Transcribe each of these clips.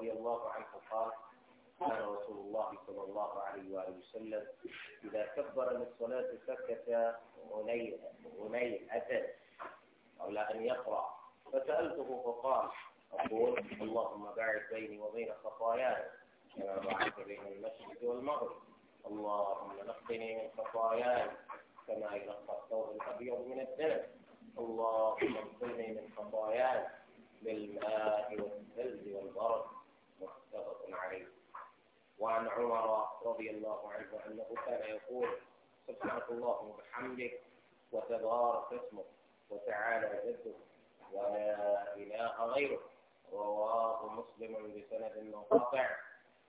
رضي الله عنه قال كان رسول الله صلى الله عليه وآله وسلم إذا كبر للصلاة سكت أتت قبل أن يقرأ فسألته فقال أقول اللهم باعد بيني وبين خطاياي كما باعدت بين المشرق والمغرب اللهم نقني من خطاياي كما يلقى الثوب الأبيض من الدنس اللهم اغسلني من خطاياي بالماء والثلج والبرد متفق عليه وعن عمر رضي الله عنه أنه كان يقول سبحانك اللهم وبحمدك وتبارك اسمك وتعالى جدك ولا إله غيرك رواه مسلم بسند منقطع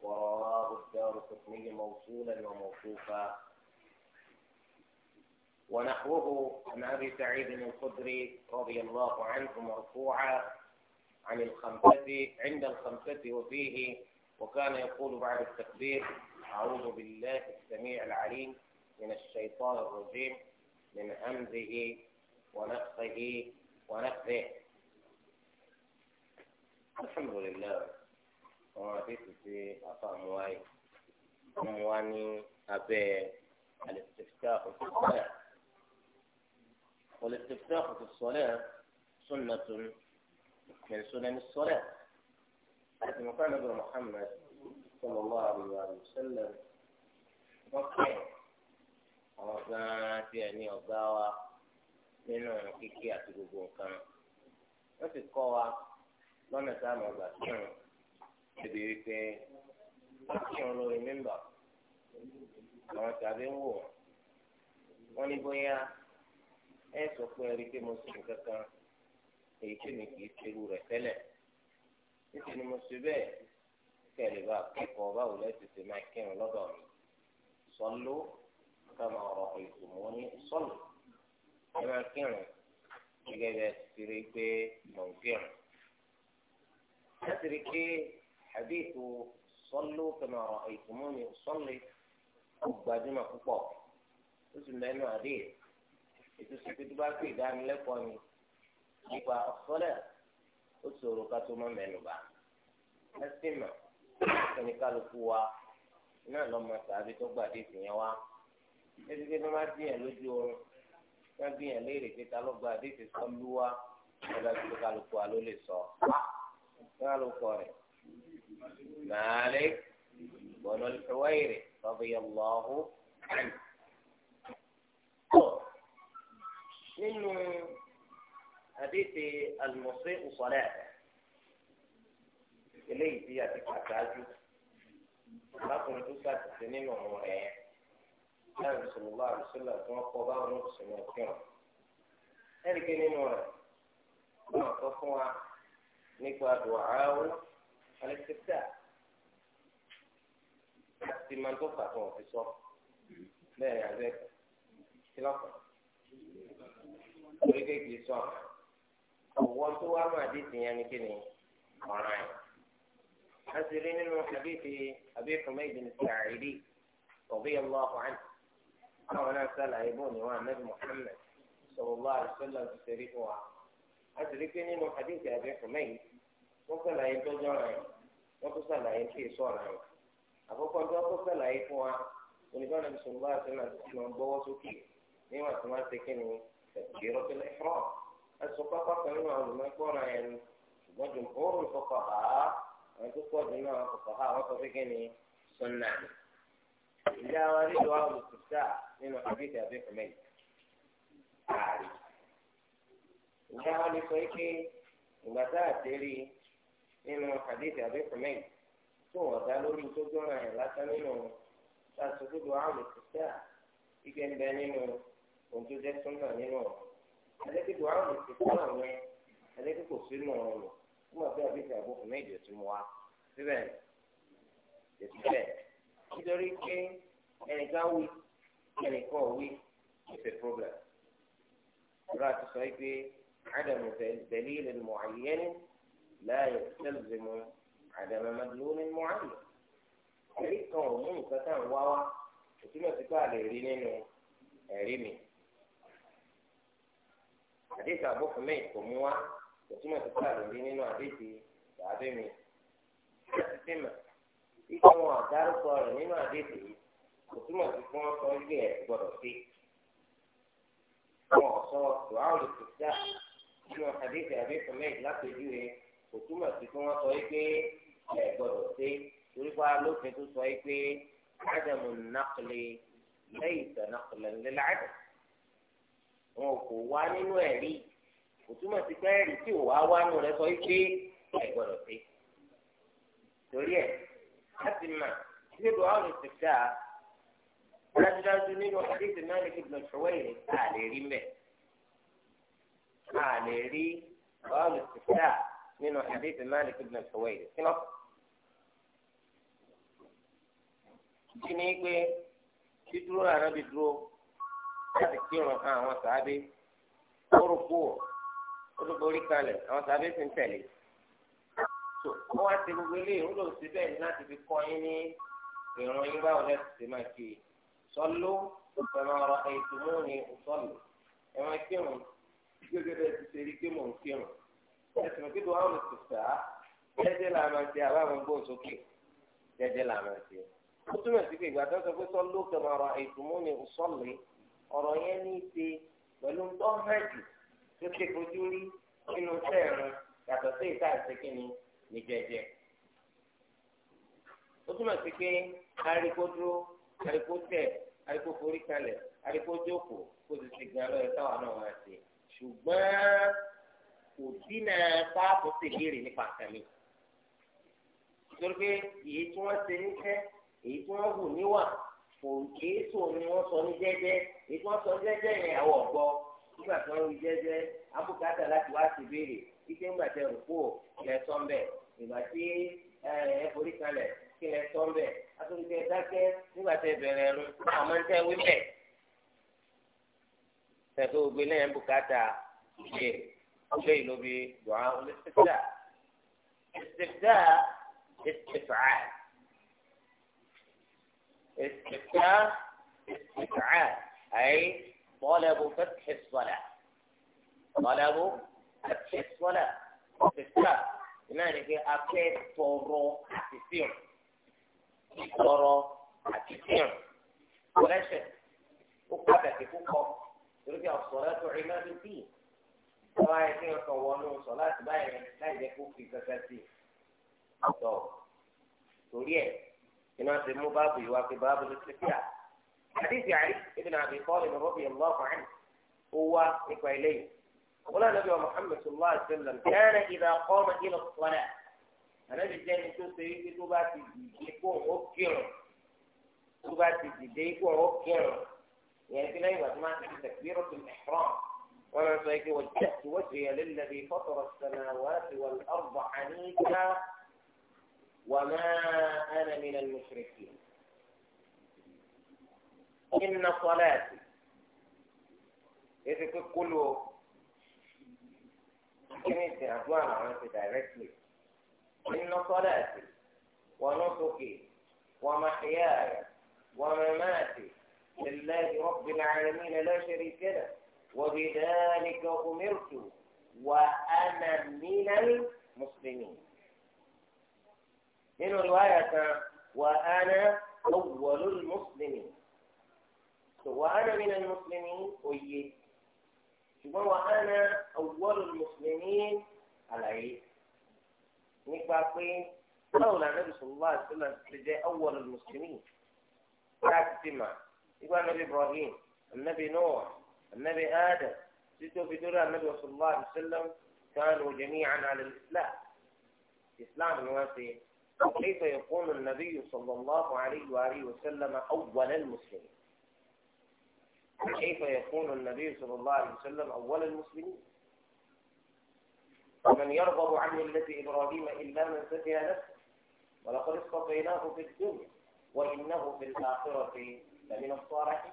ورواه الدار القطني موصولا وموصوفا ونحوه عن ابي سعيد الخدري رضي الله عنه مرفوعا عن الخمسة عند الخمسة وفيه وكان يقول بعد التكبير أعوذ بالله السميع العليم من الشيطان الرجيم من همزه ونفخه ونفثه الحمد لله وما في في أقام واي أبي الاستفتاح في الصلاة والاستفتاح في الصلاة سنة من سنن الصلاة لكن مقام ابن محمد صلى الله عليه وسلم وقع وقعت يعني وقعوا منه كيكي أتبقوا كان وفي القوة لما تعمل بأسهم تبيرك أسهم لو يمنبع àwọn tàbí ń wò wọn ní bóyá ẹ sọ pé ẹ rí i pé mo sì ń kankan èyí tí mi kì í ṣerú rẹ̀ tẹ́lẹ̀ níṣẹ́ ni mo ṣe bẹ́ẹ̀ kẹ́lẹ́ bá kẹ́kọ̀ọ́ báwo lẹ́sìn ṣe máa kírun lọ́dọ̀ mi sọ́lú kama ọ̀rọ̀ ìtumọ̀ ní sọ́lù ẹ máa kírun gẹ́gẹ́ bí ẹ ti rí pé mò ń kírun. láti rí àdéhùn sọ́lù kama ọ̀rọ̀ ìtumọ̀ ní sọ́lù ó gbajúmọ̀ púpọ̀ ó sì mẹ́nu àdéhùn ètò ìsìnkú bá pè dánilẹ́kọ̀ọ́ ni nípa ọ̀sọ́lẹ̀ ó ṣòro ká tó má mẹ́nuba ẹ sì mọ̀ ẹni kálukú wa náà lọ́mọ tàbí tó gbàdé ìfìyàn wa ẹbí pé tó má díyàn lójú oorun má díyàn léèrè pé ta ló gbàdé ìfìsọ́ lú wa ọlọ́dún tó kálukú wa ló lè sọ kálukú rẹ̀ màálé bọ̀nà ìfẹ́wẹ́rẹ́ tọ́bi ọlọ́hún àná. nínú حديث المسيء صلاته eléyìí tí a ti kà sáájú lákùnrin tó ṣàtìsí nínú ọ̀rọ̀ rẹ̀ yẹn láàrin sọlọ́lá àbísọ́lá tí wọ́n kọ́ báwọn olùsọ̀rọ̀ ọ̀kẹ́rùn. ẹ̀ríkẹ́ nínú rẹ̀ wọ́n kọ́ fún wa nípa dùhàáwó alẹ́sẹ̀tà àti máa tó fà tó wọ́n sọ bẹ́ẹ̀ ni àbẹ́ tí lọ́kàn. orí kékeré sọ̀rọ̀ ọwọ́ tó wá máa dé ti yẹn ni kí ni ọ̀ràn yẹn. a sì rí nínú àbífi àbí Humayd bin Sa'idi radiyallahu anhu àwọn náà sàlàyé bò níwọ̀n anabi Muhammad sallallahu alaihi wasallam ti ṣe rí fún wa. a sì rí pé nínú àbífi àbí Humayd wọ́n sàlàyé tọ́jú ọ̀ràn yẹn wọ́n tún sàlàyé tí èso ọ̀ràn yẹn. àkọ́kọ́ tó wọ́n sàlàyé fún wa onígbọ́n sọ̀rọ̀ bá a sọ̀rọ̀ àti sọ̀rọ̀ bọ́wọ́ sókè níwọ̀n tí wọ́n ti kí ni tẹ̀síkì ẹsùn pápá kan nínú àwọn olùmọ̀ẹ́kọ́ra yẹn ni ṣùgbọ́n jù òórùn kọkọ ha àwọn tó pọ̀ jù náà kọkọ ha àwọn tó fi kí ni sunna ni. ìyá wa nílò àwọn olùkùsà nínú àbíkí àbíkí mẹ́yì káàrí. ìyá wa ní sọ pé ìgbà tá a tẹ́rí nínú àbíkí àbíkí mẹ́yì tó wọ́n dá lórí tó jọra yẹn lásán nínú tá a sọ pé ìgbà ń bẹ nínú ohun tó jẹ́ sunna nínú ọ̀rọ̀ àdéhùn ìwà ọ̀rọ̀ ti kọ́ náà yẹn àdéhùn kò sínú ọ̀rọ̀ lọ kó máa bí àbíkà àbókù méje tún wá síbẹ̀ síbẹ̀ nítorí pé ẹnìkan wí ẹnìkan wí it's a problem. ìrọ̀ àti sọ pé عدم دليل معين لا يستلزم عدم مدلول معين. ẹ̀rí kan ò mú nǹkan tá à ń wá wá òtún náà ti bá a lè rí nínú ẹ̀rí mi àdéhùn àbò fún mi kò mú wa kò túmọ̀ sí pé àlòrí nínú àdéhùn tàbí mi láti fi mà ikú wọn àdárúkọ rẹ̀ nínú àdéhùn yìí kò túmọ̀ sí pé wọ́n sọ ilé ẹ̀ gbọ́dọ̀ sí wọn sọ dùá olùkùsà nínú àdéhùn àbí fún mi lápẹjú rẹ̀ kò túmọ̀ sí pé wọ́n sọ ẹ̀ gbọ́dọ̀ sí torí pa lófin tó sọ pé ádámù nàkìlì lẹ́yìn ìtàn nàkìlì ńlẹ́lẹ́ àdùn. wọn kò wá nínú ẹ̀rí kò túmọ̀ sí pé ẹ̀rí tí ò wá wá nù rẹ sọ pé ẹ gbọ́dọ̀ pé torí ẹ̀ láti mà dájúdájú nínú àdéhùn náà lè ṣọwọ́ ìrìn tá a lè rí mẹ́ a lè rí àwọn ìṣẹ̀dá nínú àdéhùn náà lè ṣọwọ́ ìrìn kí ni pé dídúró àná láti kírun fún àwọn sàábé orúkú olúborí kalẹ̀ àwọn sàábé sì ń tẹ̀lé tó wọ́n wá ti gbogbo eléyìí ó lò sí bẹ́ẹ̀ ni láti fi kọ́ yín ní ìran yín báwo lẹ́sì ti máa ṣe sọ́lú ìfẹ̀mọ̀ ọ̀rọ̀ ìtumú ni sọ́lù ẹ̀wọ̀n kírun gbẹgbẹdẹ ti ṣe rí pé mò ń kírun ẹ̀sìn òkè tó àwọn òṣìṣẹ́ á jẹ́jẹ́ là máa ṣe àbáwọn gbóhùn sókè jẹ́jẹ́ là máa ṣe ó túmọ̀ sí pé ìgbà tó sọ pé sọ́lú ìfẹ̀mọ̀ ọ̀rọ̀ ìtumú ni sọ́lù ọ̀rọ̀ yẹn ní í ṣe pẹ̀lú tó hàn jù tó ṣe fojú rí nínú sẹ́ẹ̀rùn yàtọ̀ sí ìta ìṣèkínni ní jẹjẹ. ó túmọ̀ sí pé ariko dúró ariko tẹ̀ ariko forí kalẹ̀ ariko jókòó kó ti ṣe gan lọ́yẹ̀ táwa náà wá sí ṣùgbọ́n kò dínà páàpù sì léèrè nípa àkàlẹ́ nítorí pé èyí tí wọ́n ṣe níṣẹ́ èyí tí wọ́n hù níwà òkè èso ni wọ́n sọ ní jẹ́jẹ́ èso wọ́n sọ jẹ́jẹ́ yẹn àwọ̀ gbọ́ nígbà tí wọ́n wí jẹ́jẹ́ abúkátà láti wá sí béèrè kíkẹ́ ńgbà tẹ rúkú ilẹ̀ sọ́ńbẹ̀ ìgbà tí ẹ forí kalẹ̀ kí ilẹ̀ sọ́ńbẹ̀ atúndé dákẹ́ nígbà tẹ bẹ̀rẹ̀ ẹ̀rù àmọ́ ń tẹ́ wí tẹ̀sí ògbé náà ń ìṣe ọ̀gbẹ́ ìlóbi dùn án olùsèkìtà ìsèkìtà استفتاح استدعاء أي طلب فتح الصلاة طلب فتح الصلاة استفتاح ìnáyẹn pé a fẹ́ tọrọ àti fíìmù tọrọ àti fíìmù kọlẹ́sẹ̀ ó pàtàkì púpọ̀ torí pé ọ̀sọ̀rọ̀ tó rí lọ́dún bí wọ́n á yẹ kí wọ́n sọ̀wọ́ ló ń sọ láti báyìí láì jẹ́ kó fi kankan sí i. torí ẹ̀ هنا سمو باب يوافي باب الاستفتاء حديث يعني ابن ابي طالب رضي الله عنه هو نكوى اليه قال النبي محمد صلى الله عليه وسلم كان اذا قام الى الصلاه أنا الثاني تو سيدي تو باتي يكون اوكيرو تو باتي يكون اوكيرو يعني في نايمة ما تكبيرة الإحرام ولا سيكون وجهت وجهي للذي فطر السماوات والأرض حنيفا وما أنا من المشركين إن صلاتي إذا كنت كله كنت إن صلاتي ونسكي ومحياي ومماتي لله رب العالمين لا شريك له وبذلك أمرت وأنا من المسلمين من رواية وأنا أول المسلمين وأنا من المسلمين أيه وأنا أول المسلمين على إيه نكبرين قول النبي صلى الله عليه وسلم لجي أول المسلمين تاكتما يقول النبي إبراهيم النبي نوح النبي آدم جدوا في دولة النبي صلى الله عليه وسلم كانوا جميعا على الإسلام الإسلام الواسي كيف يكون النبي صلى الله عليه وآله وسلم أول المسلمين كيف يكون النبي صلى الله عليه وسلم أول المسلمين ومن يرغب عن ملة إبراهيم إلا من سفه نفسه ولقد اصطفيناه في الدنيا وإنه في الآخرة لمن الصالحين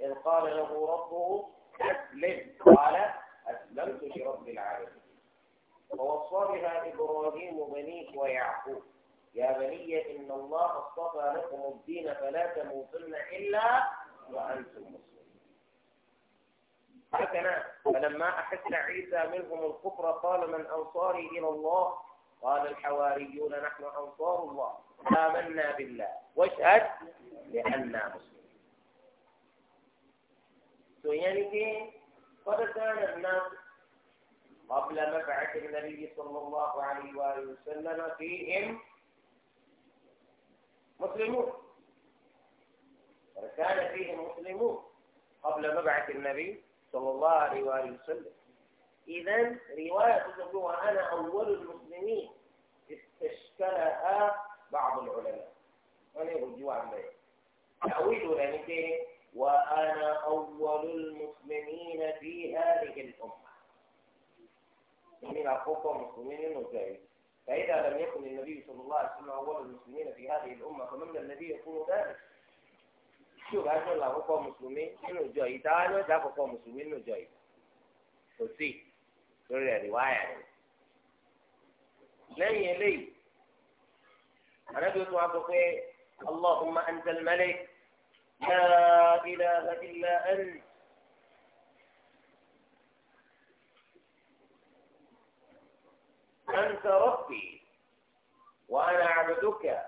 إذ قال له ربه أسلم قال أسلمت لرب العالمين ووصى بها إبراهيم بنيه ويعقوب يا بني إن الله اصطفى لكم الدين فلا تموتن إلا وأنتم مسلمون فلما أحس عيسى منهم الكفر قال من أنصاري إلى الله قال الحواريون نحن أنصار الله آمنا بالله واشهد بأننا مسلمون سيانك يعني قد كان الناس قبل مبعث النبي صلى الله عليه وآله وسلم فيهم مسلمون وكان فيهم مسلمون قبل مبعث النبي صلى الله عليه وآله وسلم إذا رواية تقول وأنا أول المسلمين استشكلها بعض العلماء أنا يرجو عن ذلك تأويل ذلك وأنا أول المسلمين في هذه الأمة من يعني أخوكم مسلمين وزايد فإذا لم يكن النبي صلى الله عليه وسلم أول المسلمين في هذه الأمة فمن الذي يكون ذلك؟ شوف هذا الله هو مسلمين إنه جاي تعالوا ده قوم مسلمين إنه جاي وسي سوري رواية يعني. لن يلي أنا بيقول إيه؟ عبد اللهم أنت الملك لا إله إلا أنت أنت ربي وأنا عبدك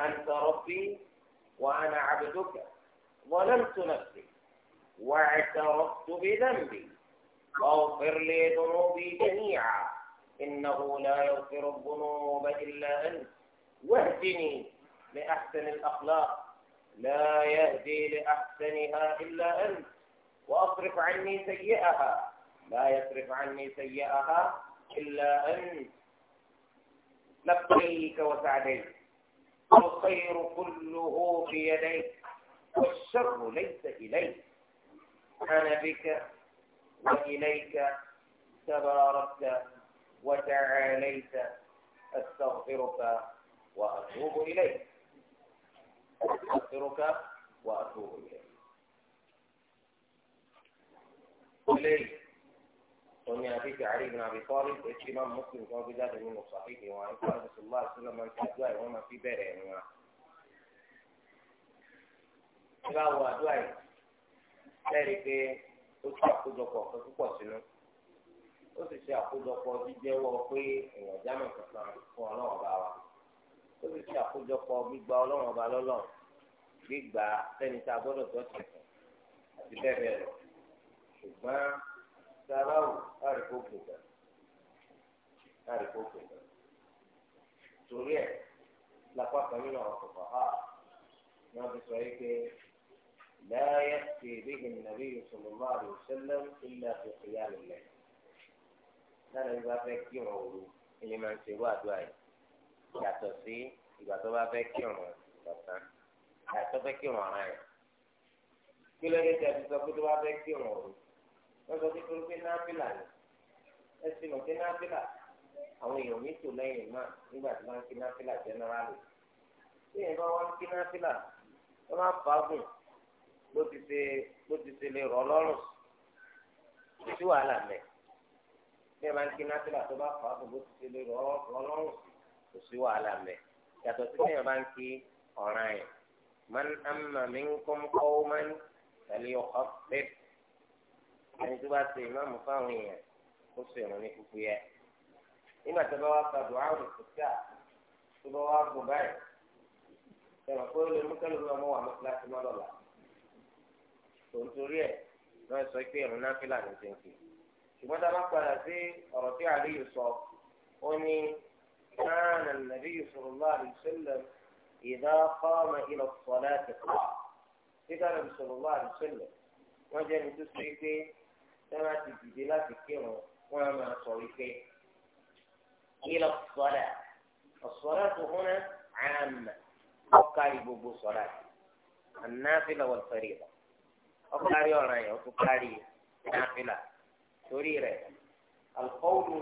أنت ربي وأنا عبدك ظلمت نفسي واعترفت بذنبي فاغفر لي ذنوبي جميعا إنه لا يغفر الذنوب إلا أنت واهدني لأحسن الأخلاق لا يهدي لأحسنها إلا أنت وأصرف عني سيئها لا يصرف عني سيئها إلا أنت لبيك وسعديك والخير كله بيديك والشر ليس إليك أنا بك وإليك تباركت وتعاليت أستغفرك وأتوب إليك أستغفرك وأتوب إليك إليك ومن حديث علي بن ابي طالب الامام مسلم كما في من منه صحيح وعن قال صلى الله عليه وسلم من كان وما في بره ìgbà wo àdúrà yìí lẹ́rìí pé ó tún àkójọpọ̀ kan púpọ̀ sínú ó sì ṣe àkójọpọ̀ jíjẹ́wọ́ pé èèyàn jámọ̀ kankan fún ọlọ́run ọba wa ó sì ṣe àkójọpọ̀ gbígba ọlọ́run ọba lọ́lọ́run gbígba sẹ́ni tá a gbọ́dọ̀ tó ọ̀sẹ̀ àti bẹ́ẹ̀ bẹ́ẹ̀ lọ ṣùgbọ́n sábà wò àríkò kìkà àríkò kìkà torí ẹ lápá kan nínú àwọn kọkọ ha wọn ti sọ yìí pé láyé ti bíi nàbí sọlọmọ àdìo sẹlẹ ilé àti ìyá rẹ lẹ́nu ìgbà fẹ́ kí wọn wò ẹni máa ń ṣe wá àdúrà yìí yàtọ̀ sí ìgbà tó bá fẹ́ kí wọn lọ́sàn yàtọ̀ fẹ́ kí wọn ara yẹn kí lóde tẹ ti sọ pé tó bá fẹ́ kí wọn wò lọ́sọ̀ nítorí pé náfìlà ni ẹ sì mọ̀ pé náfìlà àwọn èèyàn mi tò lẹ́yìn náà nígbà tí wọ́n ń kí náfìlà jẹ́nẹ́rálì tí èèyàn bá wọ́n ń kí náfìlà wọ́n máa fà á gùn ló ti ṣe ló ti ṣe lè rọ̀ lọ́rùn sí wàhálà mẹ́ tí èèyàn bá ń kí náfìlà tó bá fà á gùn ló ti ṣe lè rọ̀ lọ́rùn kò sí wàhálà mẹ́ yàtọ̀ sí èèyàn bá ń kí ọ̀ràn yẹn man amma minkum qawman fal yukhafif ẹni tó bá ṣe ìmáàmù fáwọn èèyàn ó ṣe ìrun ní kúkú yẹ nígbà tó bá wá padà wá rò kíkà tó bá wá gùn báyìí ẹ̀rọ pé ó lè mú kẹ́lẹ́ lọ́mọ wà mọ́sálásí má lọ́la tó ń torí ẹ̀ náà sọ pé ìrun náà fílà ní tẹ̀ǹkì ṣùgbọ́n tá a bá padà sí ọ̀rọ̀ tí àlíyù sọ ó ní كان النبي صلى الله عليه وسلم إذا قام إلى الصلاة قام. إذا صلى الله عليه وسلم وجد تسعي tẹ́lá ti dìde láti kírun wọn á máa sọ wípé ilẹ̀ sọ́dà ọ̀sọ́dà tó hún náà àmà ọ̀kárí gbogbo sọ́dà ànáfìlà wal fariida ọ̀kárí ọ̀ràn yẹn ọ̀tún kárí ànáfìlà torí rẹ̀ alqawlu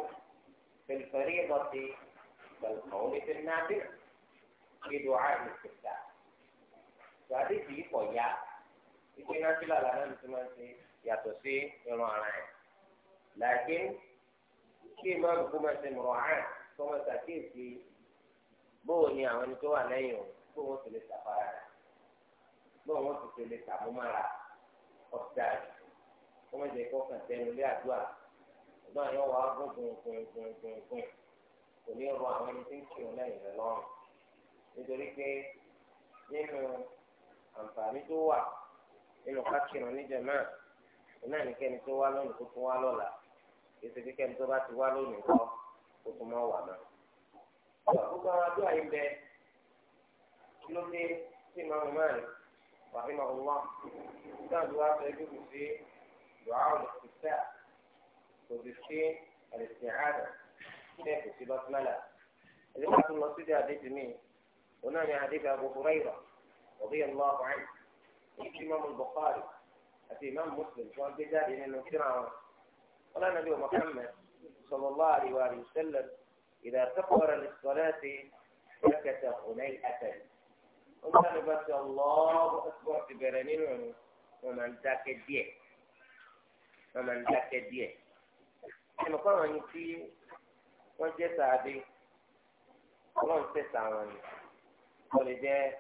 fil fariidati kalqawli fil náfìlà kí du'a al-istiftah. Ìgbà tí kìí kọ̀ ya ipinle náfìlà làwọn ẹni ti máa ń ṣe é. yàtọ̀ sí irun ara yẹn làákè kí ìmáàmù kó máa ṣe mọ̀rọ̀ hàn kó máa ṣàkíyèsí bóò ni àwọn ẹni tó wà lẹ́yìn o bóò wọ́n ti lè ṣàfara rẹ̀ bóò wọ́n ti ti lè ṣàmúmára ọ̀dà kó máa jẹ́ kó kàn tẹnu lé àdúrà ọ̀dọ́ àyọ̀ wà gùn gùn gùn gùn gùn kò ní rọ àwọn ẹni tí ń kírun lẹ́yìn rẹ̀ lọ́rùn nítorí pé nínú àǹfààní tó wà nínú ká kírun níjẹ̀ náà náà ní kẹ́ni tó wá lónìí kó tún wá lọ́la èsì pé kẹ́ni tó bá ti wá lónìí kọ́ kó tún mọ́ wà náà. gbogbo àwọn adó àyè bẹ ló dé sí ìmọ̀ ọ̀hún mẹ́rin wàhí ma ọ̀hún wá náà ló wá sọ ẹbí sí dùhà ọ̀nà sí àlèsì ṣe kò sí lọ́tìmọ́là ẹbí ká tún lọ sí ìdí àdé tèmi òun náà ní àdé ká gbogbo rẹ̀ ìrọ̀ ọ̀bí ẹ̀ lọ́ọ̀ في إمام مسلم وبدأ إلى المجتمع ولا نبي محمد صلى الله عليه وسلم إذا تقر للصلاة سكت هنيئة وقال بس الله أكبر في برنين ومن ذاك الدية ومن ذاك الدية لما قال من يتي وانت يسعى بي وانت يسعى من ولده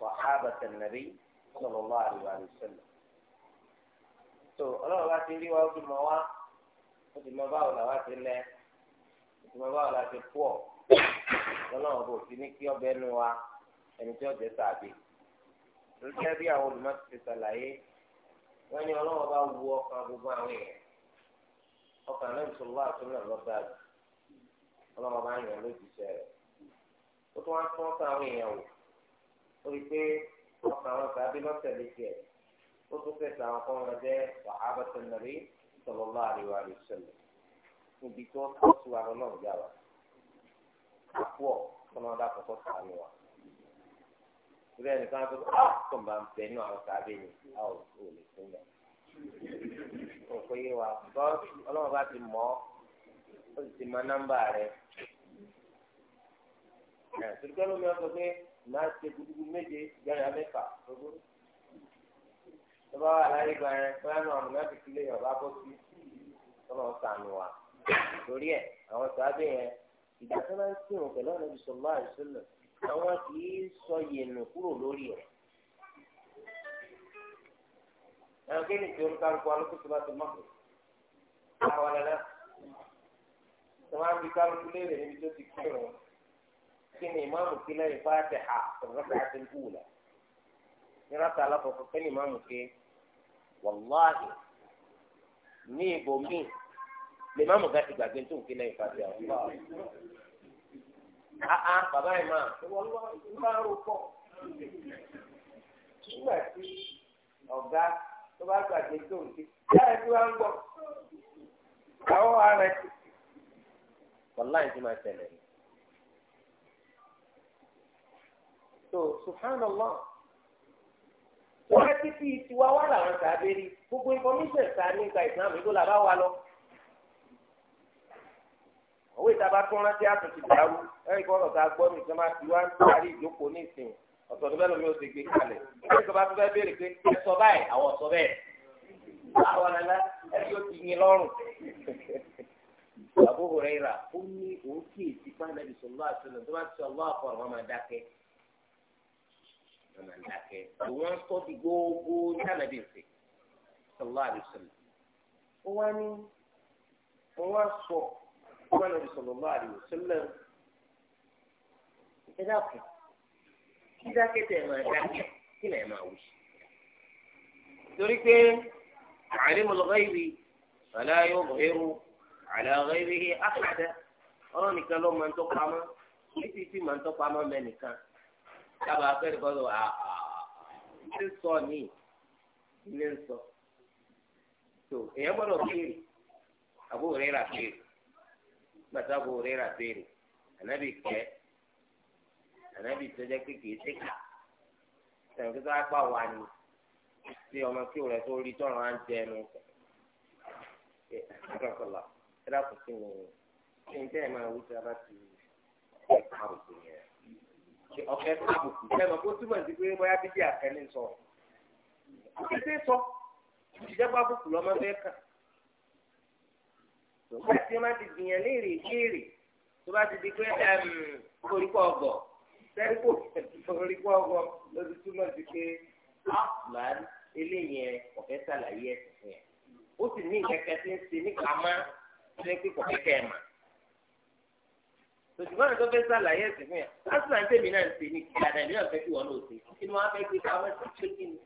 صحابة النبي صلى الله عليه وسلم tó ọlọ́run bá ti rí wa ó ti mọ̀ wá ó ti mọ báwo làwa ti lẹ ó ti mọ báwo la ti kú ọ ọlọ́run bò sí ní kí ọbẹ̀ nu wa ẹni tí ọjọ́ sàbí lókè bí àwọn olùmọ̀ ti ṣàlàyé wọ́n ní ọlọ́run bá wu ọkàn gbogbo àwọn èèyàn ọkàn náà sọ wá àtúnú ẹ̀ lọ́dà jù ọlọ́run bá yàn lójúṣe rẹ̀ ó tún wá tún ọkàn àwọn èèyàn wò ó rí i pé ọkàn àwọn sàbí lọ́sẹ̀ lé tiẹ̀ ó tún fẹsẹ̀ àwọn kan wọn jẹ́ wàhábà tẹ̀lẹ̀rí sọlọ́lá àríwá rẹ̀ sẹlẹ̀ níbi tó tọ́ sí wa lọ́nà ìyá wa àpò ọ̀ kọ́nà ọ̀dà kọ̀kọ́ sàánú wa ìrẹ́ nìkan tó bá ah! tó ń bá ń bẹ nínú àwọn sàábẹ̀ ni a ah! ò lè fún yà ó pé wa bọ́ ọlọ́run bá ti mọ̀ ó sì ti mọ nọ́mbà rẹ̀ ẹ̀ tó dúpẹ́ lómi ọ̀sán pé màá ṣe gudugudu méje yára mẹ́fà gbogbo tọ́ba wà láyé gba ẹ fẹ́ràn ọ̀rùn láti fi lé yọ̀bá bó sí tọ́ba ń sànù wa torí ẹ̀ àwọn sábẹ́ yẹn ìgbà tó bá ń kírun pẹ̀lú ọ̀nà ìṣọ̀lá ìṣọ̀lá àwọn kì í sọ yẹnu kúrò lórí ẹ̀. ẹnu kí ni tí orúkọ arúgbó alókòtò bá ti mọ́kò àwọn ọ̀nàdá tó máa ń bi kálukú léèrè níbi tó ti kírun kí ni ìmáàmù kí lẹ́yìn fáàtì hà ọ̀rọ̀ fẹ́ àti ń kú wùlà ní rákà alákọ̀ọ́kọ́ kí wàláhì ní ibò míì lè má mọ̀ gá ti gbàgbé tó ń ké lẹ́yìn fàbí àwọn ọ̀gá rẹ̀. Àá bàbá yìí máa wọ́n máa ń ro pọ̀. Nígbà tí ọ̀gá tó bá gbàgbé tó ń ké, yára tí wọ́n ń gbọ́. Àwọn ará ẹ̀ wàláhì tí máa tẹ̀lé. So, subhanallah wọ́n á ti fi tiwa wá làwọn sàbẹ̀ rí gbogbo information ta nípa ìsìlámù ìlú làbá wa lọ. owó ìtaba tó rántí àtúntì dàrú ẹ̀rí kọ́ ọ̀tá gbọ́ mi sọ máa fi wá ń parí ìjókòó ní ìsìn ọ̀tọ̀ níbẹ̀ lómi ó ti gbé kalẹ̀ ẹ̀rí kọ́ bá tún fẹ́ béèrè pé ẹ sọ báyìí àwọn ọ̀sọ́ bẹ́ẹ̀ àwọn ọ̀nàlá ẹ̀rí ó ti yin lọ́rùn. àbúrò rẹ̀ rà ó ní òun kì í ti pàǹdà sọ̀nà ìdákẹ́ tó wọ́n sọ ti gbogbo ìdánábì ṣe sọlá àdìsọ̀lá ó wá ní wọ́n wá sọ wọ́n lọ sọ̀rọ̀ lọ́wọ́ àdìsọ̀lá ẹ dákun kí dákẹ́tẹ̀ máa dákẹ́ kí lè máa wù sí. torí pé àlímù lọ́gáìbì fàlà yóò bẹ̀rù àlà gáìbì àkàdá ọ̀rọ̀ nìkan ló máa ń tọ́ pamọ́ títí tí máa ń tọ́ pamọ́ mẹ́nìkan dábàá pẹ́ẹ́rẹ́ bọ́ọ̀lù àà ah, ah, ah, ṣe sọ ni, ilé ń sọ tó èèyàn gbọ́dọ̀ béèrè àbò rírà béèrè gbàtà àbò rírà béèrè ànábì kẹ́ ànábì tọ́jà kékeré síkà sẹ̀yìn tó sáà pa wà ní tí ọmọ kí òun rẹ̀ tó rí tọ̀rọ̀ á ń jẹ ẹnu ẹ̀ ẹ̀ dákun sí mi ní ní tẹ́ máa wí sí abá ti ẹ̀ka òkè yẹn ọ̀kẹ́ sábùkù sẹ́nu kó túmọ̀ sí pé bóyá bíbí àkẹ́lẹ́ sọ àkẹ́sẹ́ sọ ìṣiṣẹ́ bá bùkù lọ́mọ fẹ́ kàn nígbà tí wọ́n bá ti gbìyàn léèrè léèrè tó bá ti di pé orúkọ ọgọ sẹ́ríkò orúkọ ọgọ ló ti túmọ̀ sí pé aflan eléyẹn ọ̀fẹ́ sàlàyé ẹ̀sìn fún yẹn ó sì ní ìkẹ́kẹ́ tí ń ṣe nípa máa ń ṣe pé kọ̀kẹ́kẹ́ ẹ̀ máa tòṣùgbọ́n tó fẹ́ sàlàyé ẹ̀sìn fún yà lásìkò àti èmi náà ń ṣe ní ìlànà ìlú ọ̀fẹ́ tí wọ́n lò sí kí ni wọ́n fẹ́ gbé ká wọ́n ti ṣe kí ni.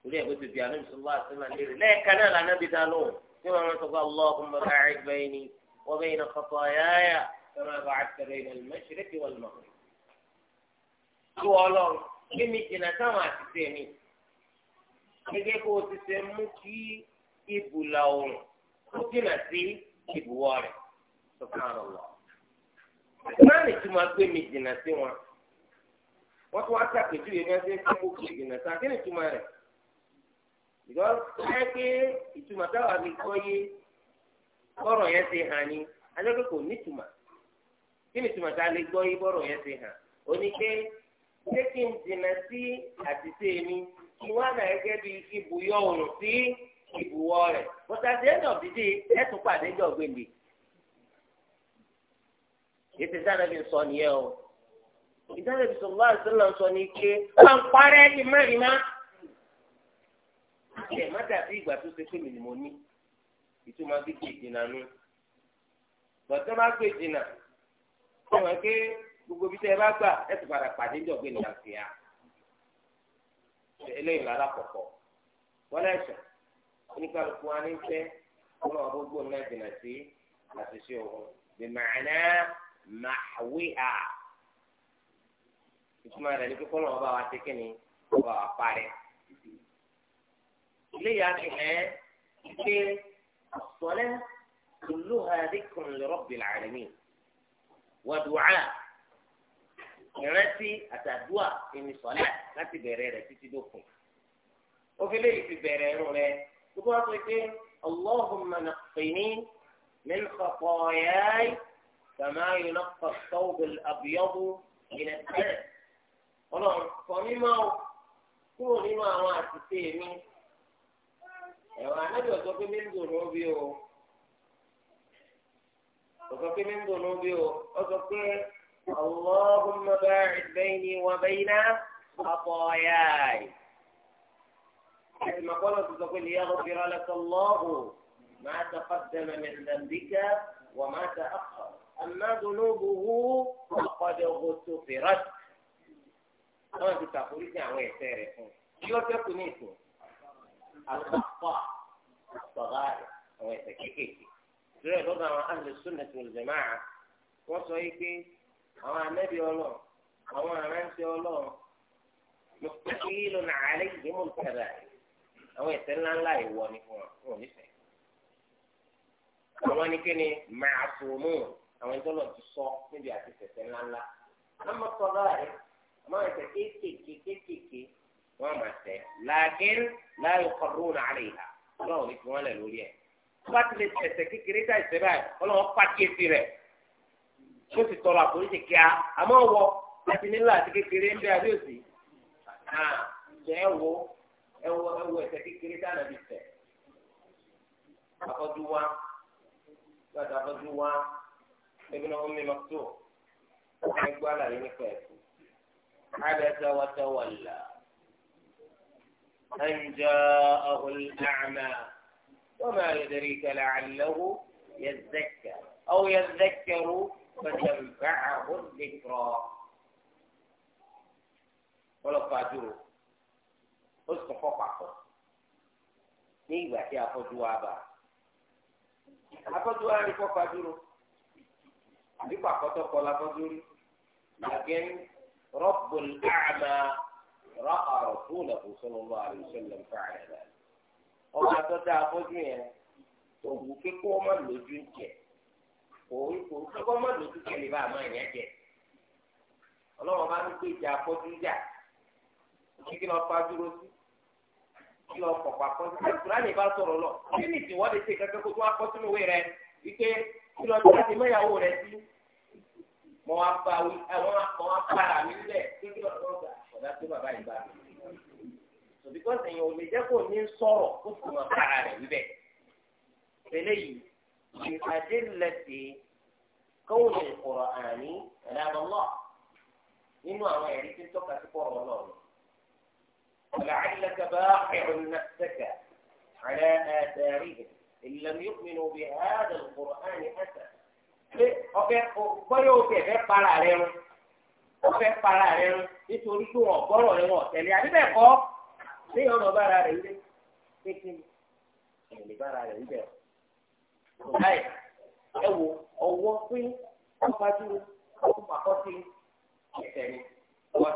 torí ẹ̀ bó ti di àná ìṣòwò àti ìlànà ìrìn lẹ́ẹ̀kan náà lànà bí dáná òun tí wọ́n rántí pé allahumma ba'id bayni wa bayna khataayaya kama ba'adta bayna al-mashriqi wal-maghrib. òun ó jìnnà sí ibùwọ̀ rẹ̀. subhanallah ìmáàlì tí máa gbé mi jìnnà sí wọn wọ́n tún wá sàpèjúwe ní ẹsẹ̀ tí wọ́n kò jìnnà sí akéde ìtumọ̀ rẹ̀ ìgbà pé ìtumọ̀ táwa mi kọ́ yé bọ́rọ̀ ni kí ni ìtumọ̀ a lè gbọ́ yé bọ́rọ̀ yẹn ti hàn ó ní pé ṣé kí n jìnnà sí àtìsé mi kí bí ibùyọ̀ ètò ìdánabi sọ nìyẹn o ìdánabi sọ wá àṣìlọ sọ ní ké wọn parẹ́ ní mẹ́rin má. ẹ má dàbí ìgbà tó ṣe pé mi ni mo ní ìtumọ̀ bí kì í dènà nù bọ̀dọ́ bá gbé dènà ṣé wọn ké gbogbo bí tẹ ẹ bá gbà ẹ ti padà pàdé jọgbé ní àṣìyà eléyìí lára kọ̀kọ́ wọlé ẹ̀sẹ̀ oníkàlùkù wa ní fẹ́ wọn gbogbo náà dènà sí àṣìṣe òun bìmọ̀ àná màwíhà ìtumọ̀ rẹ̀ ní kíkọ́ lọ́wọ́ bá wa ṣe kíni ọba wa parẹ́. ilé ìyá ti hẹ́ pé ọ̀sọ́lẹ́ kulluha dhikrun li rabbil alamin wa du'a ìrántí àtàdúà ìmísọ̀lẹ́ láti bẹ̀rẹ̀ rẹ̀ títí dókun. ó fi léyìí ti bẹ̀rẹ̀ irun rẹ̀ gbogbo wa pé pé allahumma naqqini min khataayai. كما ينقى الثوب الأبيض من الدم خلاص فمما هو مما هو تسيمي ايوه انا جو تو من ذنوبيو وكفي من ذنوبيو اللهم باعد بيني وبين خطاياي كما قال تقول يغفر لك الله ما تقدم من ذنبك وما تأخر amadolobowo ọkọdẹ ogoto fèrèt wọn ti tàkùrí sí àwọn ẹsẹ rẹ fún un yóò fẹ́ kú ní ìsìn àlùfáà sọ̀rọ̀ rẹ àwọn ẹsẹ kéékèèké ìrẹ́ lọ́dọ̀ àwọn alùsùnà tó lè máa wọ́n sọ yìí pé àwọn anẹ́bí ọlọ́ àwọn aránṣẹ́ ọlọ́ mùsùlùmí nàárẹ̀ yìí mú kẹrẹ àwọn ẹsẹ̀ ńláńlá ìwọ ni fún wọn wọn ò nífẹ̀ẹ́ àwọn ni kí ni màá fò mú un àwọn ẹjọ́ lọ ti sọ níbi àti tẹ̀tẹ̀ ńláńlá àmọ́ sọ́dọ̀ rẹ̀ àmọ́ ẹ̀sẹ̀ kéékèèké kéékèèké wọ́n á máa tẹ̀ làákín láàyò kọ̀ọ̀rún àárẹ̀ ìhà ọlọ́run ní fi wọ́n lẹ̀ lórí ẹ̀ wọ́n ti lè tẹ̀sẹ̀ kékeré dá ìṣẹ́ báyìí ọlọ́run pàkíyèsí rẹ̀ ó sì tọrọ àforíjì kíá àmọ́ wọ láti nílò àti kékeré ń bẹ àbíòsì ṣe ẹ wo ẹ wo ẹ wo ẹ̀ṣẹ̀ kékeré dáná bí tẹ̀ afọ́jú ابن أم مكتوب يقول على ينفع حدث وتولى أن جاءه الأعمى وما يدريك لعله يذكر أو يذكر فتنفعه الذكرى ولو فاجروا اسكن فوق نيجي بقى يا أفضل أبا أفضل أبا فوق فاجره àdìpọ̀ àkọ́tọ́ kọ́ lakọ́dúrí làgẹ́n rọ́bùl àmà rọ́à rọ̀fúnà kò sọ̀rọ̀ lọ́wọ́ àríwísọ̀lẹ̀ fàáyà náà. ọba tó dáa fọ́jú yẹn òwú kíkọ́ ọmọ lójú ń jẹ òun kò kíkọ́ ọmọ lójú kẹlẹ́ bá àmọ́ ìyẹn jẹ. ọlọ́wọ́n bá ń gbé ìjà fọ́jú jà kí lọ́ọ́ fájúró sí kí lọ́ọ́ kọ̀ọ̀pá kọ́ sí. kí kí lọ́ọ́ tó ti mẹ́yàwó rẹ̀ sí. mo wá fa àwọn àwọn apára mi lẹ̀ kí lọ́ọ́ tó gbà ọ̀dà tó bàbá yìí bá mi. so because èèyàn ò lè jẹ́ kó ní sọ̀rọ̀ kó sì mọ apára rẹ̀ wíbẹ̀. tẹ́lẹ̀ yìí ìpàdé lẹ́sẹ̀ kóun lè kọ̀rọ̀ àní ẹ̀dá lọ́ nínú àwọn ẹ̀rí tí ń tọ́ka sí kọ̀rọ̀ ọlọ́run. ولعلك باخع نفسك على آثارهم لم يؤمنوا بهذا القرآن أسا ọfẹ bọyọ oṣù ẹfẹ para rẹ rún ọfẹ para rẹ rún nítorí pé wọn gbọrọ rẹ wọn tẹ́lẹ̀ àbí bẹ́ẹ̀ kọ́ léyìn ọmọ bára rẹ ilé kékeré ẹnì bára rẹ ń bẹ báyìí ẹ wo ọwọ́ pé ọfàdú ọkùnrin àkọsí ẹsẹ̀ ni wọn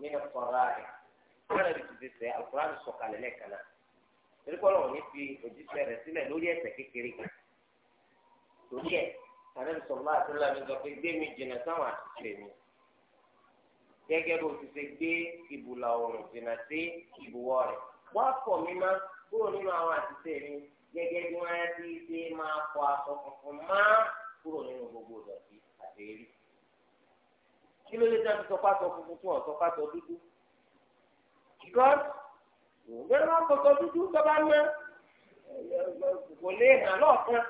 nínú kọra rẹ wọn lè ti ti sẹ torí kọ́ lọ́wọ́ ní fi òjíṣẹ́ rẹ̀ sílẹ̀ lórí ẹ̀ṣẹ̀ kékeré kan torí ẹ̀ ànábì sọ̀rọ̀ àti lábẹ́ sọ pé gbé mi jìnnà sáwọn àtúnṣe mi gẹ́gẹ́ bó ti ṣe gbé ìbùlà oòrùn jìnnà sí ìbùwọ̀ rẹ̀ wá fọ̀ mi má kúrò nínú àwọn àtúnṣe mi gẹ́gẹ́ bí wọ́n ti ṣe máa fọ aṣọ funfun má kúrò nínú gbogbo ìdọ̀tí àti kí ló lè dá ti sọ pátọ funfun fún ọ̀sọ́ pátọ dúdú bẹ́ẹ̀ náà kòtò dúdú tó bá ná kò lè hàn lọ́ọ̀kan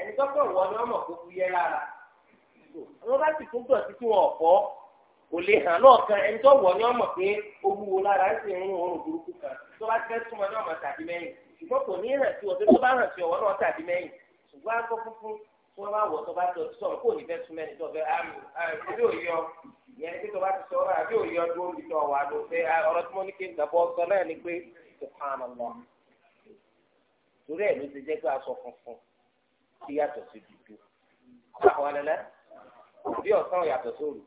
ẹni tó pẹ̀ ni wọ́n mọ̀ kó fi yẹ lára wọ́n bá sì tún gbọ̀n títí wọn ọ̀pọ̀ kò lè hàn lọ́ọ̀kan ẹni tó wọ̀ ni wọ́n mọ̀ pé ó wúwo lára ń sì ń rún òórùn burúkú kan tó bá fẹ́ súnmọ́ ní ọmọ tàbí mẹ́yìn ṣùgbọ́n kò ní hàn sí ọ wọn bá wọ tó bá tọ sọ̀rọ̀ kó ní fẹ́ sún mẹni tó fẹ́ àmì ah, ah, àbí òyọ ìyẹn pé tó bá ti sọ̀rọ̀ ah, àbí òyọ dúró ní tọ wà ló pé ọ̀rọ̀ tí mo ní kí n gbàgbọ́ sọ náà ni pé sùpàánù lọ torí ẹ̀ ló ti jẹ́ pé aṣọ funfun ti yàtọ̀ sí dúdú àwọn alẹ́lẹ́ bí ọ̀sán yàtọ̀ sóòrù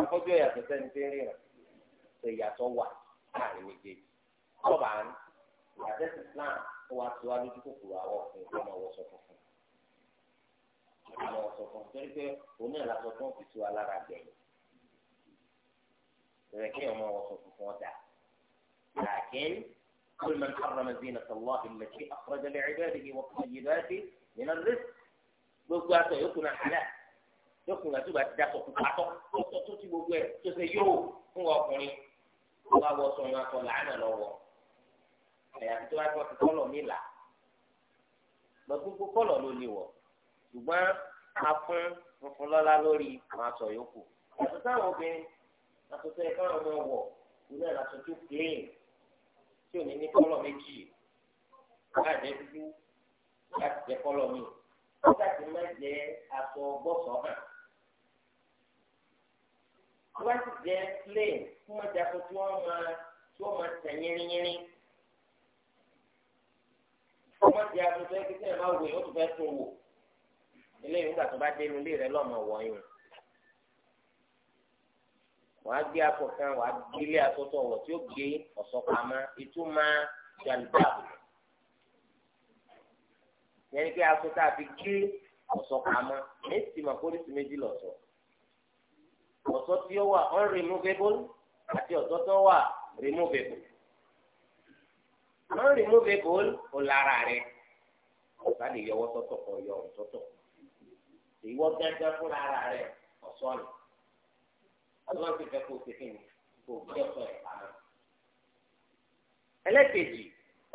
afọ́jú yàtọ̀ sẹ́ni tí ń rìnrìn tó yàtọ̀ wà láàrin méjèèjì kọ́ba àrùn ìyàtọ̀ sí náà ó wá tiwájú kúkúrú àwọn ọkùnrin tó máa wọ àlọ́ ọ̀sọ̀ fún torí pé òun náà lásọ fún alára gbẹ̀yìn rẹ̀ kí ọmọ ọ̀sọ̀ funfun ọ̀dà làákín كل من حرم زينة الله التي أخرج لعباده والطيبات من الرزق gbogbo aṣọ yòókù náà hàlà yòókù náà tó bá ti daṣọ kó pàtó tó tó ti gbogbo ẹ tó ṣe yóò fún ọkùnrin tó bá wọ sọnù akọ làánà lọ́wọ́ ẹyà tó bá tó ti kọlọ mi là lọ gbogbo kọlọ ló lè wọ ṣùgbọ́n a fún funfun lọ́lá lórí àwọn aṣọ yòókù. yàtọ̀ sáwọn obìnrin àtúntò ẹ̀ka ọmọ wọ̀ nílẹ̀ àtúntò plain tí ò ní ní kọ́lọ̀ méjì láàjẹ́ dúdú láti jẹ́ kọ́lọ̀ mi nígbà tí má jẹ́ aṣọ bọ́sọ̀ hàn. wọ́n ti jẹ́ plain fún ọjà tó tí wọ́n máa tí wọ́n máa tẹ̀ yínrínyínrín ọmọ ti aṣọ tó ẹgbẹ́ tí ẹ̀ máa wò yóò tún fẹ́ tún wò eléyìí nígbà tó bá dé inú ilé rẹ lọ́mọ wọ̀nyí wàá gbé aṣọ kan wàá gbélé aṣọ tó wọ̀ tí ó gbé ọ̀ṣọ́ pamọ́ ìtumọ̀ jalibaabu yẹn kí aṣọ tá a fi gbé ọ̀ṣọ́ pamọ́ méjì mà pólísì méjì lọ̀ṣọ́ ọ̀ṣọ́ tí ó wà unremovable àti ọ̀ṣọ́ tó wà removable unremovable ò lára rẹ̀ ọ̀sá lè yọwọ́ sọ́tọ̀ kọ yọ ọ̀ṣọ́tọ̀ kọ ìwọ gángan fúnra ara rẹ ọ̀sọ́ ni ọlọ́run ti fẹ́ kó o ṣe kí ni kó o gbé ọ̀sọ́ ẹ̀ pamọ́. ẹlẹ́kejì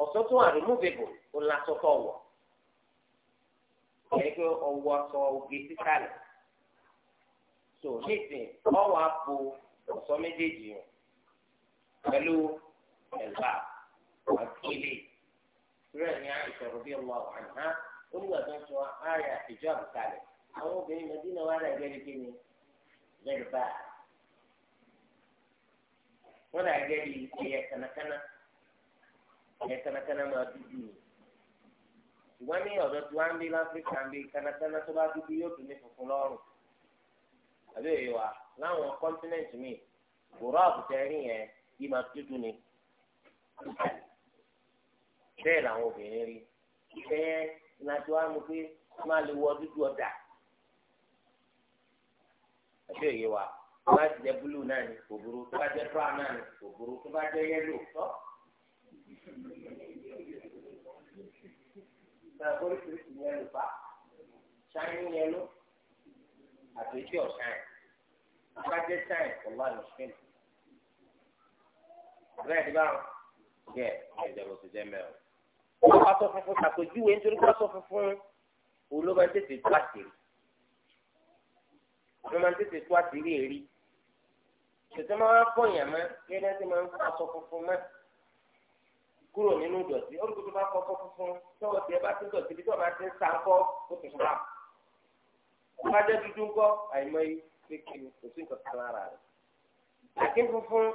ọ̀sọ́ tó wà ní múvebò ó ń lasọ tó wọ̀ ẹni pé ọwọ́ sọ oge sísàlẹ̀ so nísìnyí ọwọ́ àpò ọ̀sọ́ méjèèjì yẹn pẹ̀lú ẹ̀lbà àgbélé rẹ̀ ní àìsàn rẹ̀ bí ọlọ́run àná ó nígbà tó ń sọ ààrẹ àtijọ́ àbùkalẹ̀ àwọn obìnrin mẹ́dínà wà láì gẹ́gẹ́ kí ni lẹ́rù bá a wọ́n láì gẹ́gẹ́ ẹ̀yẹ kànákànná ẹ̀yẹ kànákànná máa dúdú ni ṣùgbọ́n ní ọ̀dọ̀ tí wọ́n ń bí láfíríkà ń bí kànákànná tó bá dúdú yóò tún ní funfun lọ́rùn àbí òye wa láwọn kọ́ńtínẹ̀ǹtì míì bùrọ̀ àbùtẹ́ rí yẹn yìí máa dúdú ni bẹ́ẹ̀ làwọn obìnrin rí bẹ́ẹ̀ ìlàjọ wa mú pé máa lè wọ dúdú ọ̀dà àbí òye wa tó bá jẹ búlù náà ní kò burú tó bá jẹ brown náà ní kò burú tó bá jẹ yẹlò tọ́. Ṣé oríṣiríṣi yẹlò bá ṣáínì yẹlò àti ojú ọ̀ṣáìn tó bá jẹ ṣáìn kò wá lọ́sìn. Bẹ́ẹ̀ ni báwo? Bẹ́ẹ̀ ẹ̀jẹ̀ bó ti jẹ́ mẹ́rin. Wọ́n bá sọ funfun ṣàpèjúwe nítorí wọ́n sọ funfun olóba tètè gbàtèrè ló máa ń tètè tó àṣírí èrí tètè máa wá fọyàn mọ gẹ́gẹ́ tí máa ń fọ aṣọ funfun mọ kúrò nínú dọ̀tí olùkó tó bá fọ aṣọ funfun tọwọ́ tiẹ̀ bá ti dọ̀tí bí tọ́ba ti ń sa ńkọ́ ó ti fà ó bá jẹ́ dúdú ńkọ́ àìmọ́ yìí kékeré kò sí nǹkan kan lára rẹ̀ àti funfun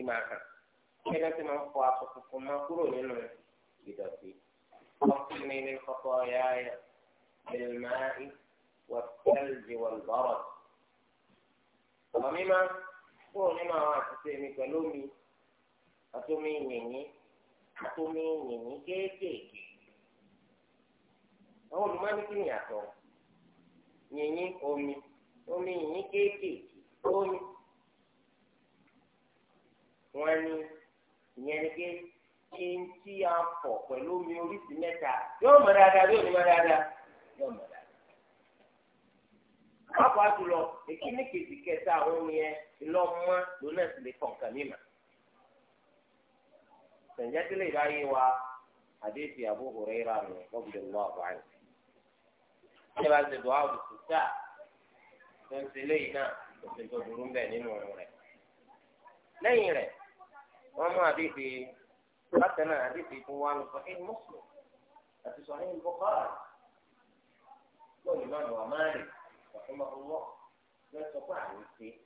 ìmọ̀ àkàn gẹ́gẹ́ tí máa ń fọ aṣọ funfun mọ kúrò nínú ìdọ̀tí ọkùnrin ní kọ́kọ́ yáyà ìlmáì wọ́n tẹ́lẹ̀ ọmọ mímá kúrò nínú àwọn àtúnṣe mi pẹ̀lú mi àtúnmí yìnyín àtúnmí yìnyín kéékèèké àwọn olùmọ́nìkì ní àtọ̀ yìnyín omi omi yìnyín kéékèèké omi wọn ni, ìyẹn ni pé kí n tí a fọ̀ pẹ̀lú omi oríṣi mẹ́ta yóò mọ dáadáa yóò ní dáadáa yóò mọ pàápàá jùlọ èkíní kejì kẹta àwọn omi yẹn ìlọ́mọ lónà sì lè kọ̀ǹkà mímà. sẹ̀ǹjẹ́tìlẹ̀ ìbáyé wa àdéhùn Abu Hurairah mi lọ́gbọ̀dọ̀ lọ́wọ́ àbáyé. ṣé bá ṣe dùn áwùjọ tó tà tó ń ṣe léyìn náà kò sì tó burú bẹ́ẹ̀ nínú rẹ̀. lẹ́yìn rẹ̀ wọ́n mú àdéhùn bákan náà àdéhùn fún wa lọ́sọ̀ ẹ̀ mọ́sùlùm àti sọ̀rọ̀ ẹ̀ bọ́kọ́rà lọ́ọ̀lù náà lọ́ọ̀ máa rìn. رحمه الله لا تطاع نفسي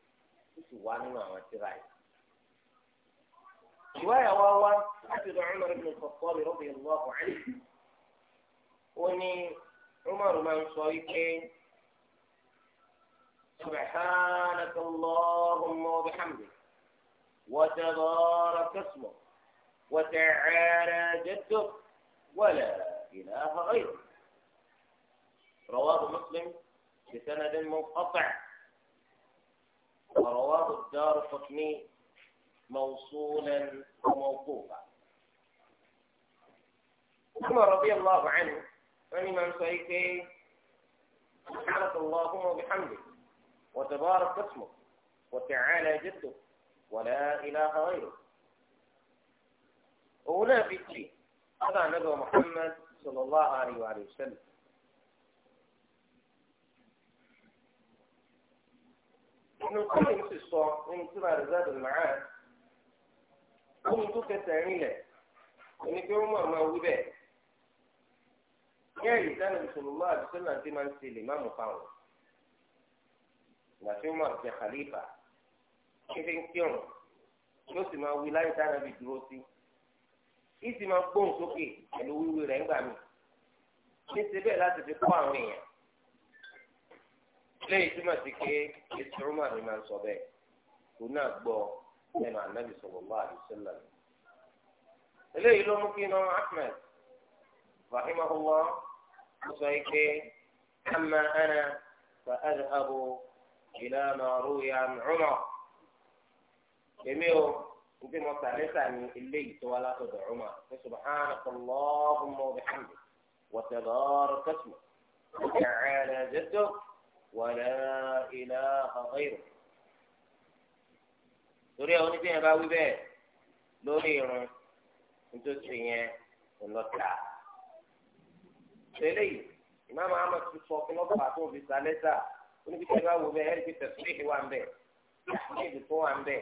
وسواني وعمل تغاية رواية واوا حفظ عمر بن الخطاب رضي الله عنه وني عمر من صويك سبحانك اللهم وبحمدك وتبارك اسمك وتعالى جدك ولا إله غيرك رواه مسلم بسند منقطع ورواه الدار قطني موصولا وموقوفا عمر رضي الله عنه فلمن سيكي سبحانك اللهم وبحمدك وتبارك اسمك وتعالى جدك ولا إله غيرك وهنا في هذا نبي محمد صلى الله عليه وآله وسلم inú kọ́lù ń sì sọ nínú tí màá rẹ̀ záàdù màá ohun tó fẹsẹ̀ rinlẹ̀ òní pé ó mọ̀ máa wí bẹ́ẹ̀ ní ẹ̀yìn dáná mùsùlùmá àdùsọ́nà tí máa ń ṣe lè má mú fáwọn ìgbà tí ó máa jẹ kàlífà kéde ń kírun yóò sì máa wí láyé dáná bí dúró sí yìí máa gbóhùn sókè pẹ̀lú wíwí rẹ̀ ńgbà mí ní ṣe bẹ́ẹ̀ láti fi kọ́ àwọn èèyàn. léyìí túmọ̀ sí ti ké ìtúrúmọ ni máa ń sọ bẹ́ẹ̀ kò náà gbọ́ lẹ́nu ànábì sallallahu alaihi wasallam. eléyìí ló mú kí iná Ahmed fahim rahimahullah ó sọ yìí ké ama ana fa adhabu ila ma ya an Umar. èmi o níbi mo tà níta ni eléyìí tó wá látọ̀dọ̀ Umar ní subhanaka Allahumma wa bihamdika wa tabarakta ismuka wa rẹ jadduka. ولا إله غيره torí ẹ oníṣẹ́ yẹn bá wí bẹ́ẹ̀ lórí irun nítòsí yẹn kò lọ tà tẹ́lẹ̀ yìí ìmáàmù ahmed ti sọ fún ọkọ̀ àti òbí sálẹ́sà oníṣẹ́ yẹn bá wí bẹ́ẹ̀ ẹ̀rí ti tẹ̀sílẹ̀ wà ń bẹ̀ tẹ̀sílẹ̀ tó wà ń bẹ̀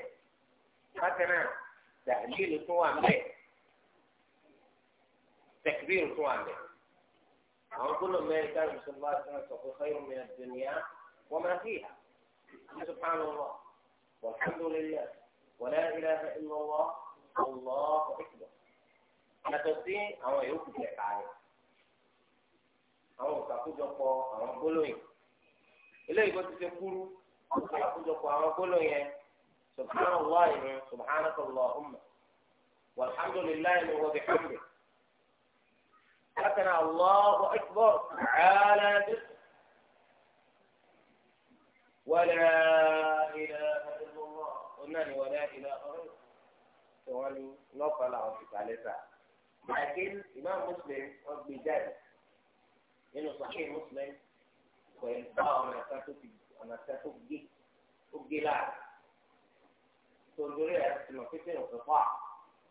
bákan náà tẹ̀sílẹ̀ tó wà ń bẹ̀ tẹ̀sílẹ̀ tó wà ń bẹ̀. أو كل ما يكاد صلى الله عليه وسلم خير من الدنيا وما فيها سبحان الله والحمد لله ولا إله إلا الله الله أكبر نتسي أو يوكي تعالي أو تقوجوكو أو قلوي إلا يقول تسيقولو تقوجوكو أو قلوي سبحان الله سبحانك اللهم والحمد لله وبحمده ركعتنا الله أكبر على ذكر ولا إله إلا الله قلنا ولا إله إلا الله سؤال لا طلع في ثالثة لكن إمام مسلم رب ذلك إنه صحيح مسلم ويلقاه أنا كتب أنا كتب جي تقول لي أنا كتب انقطاع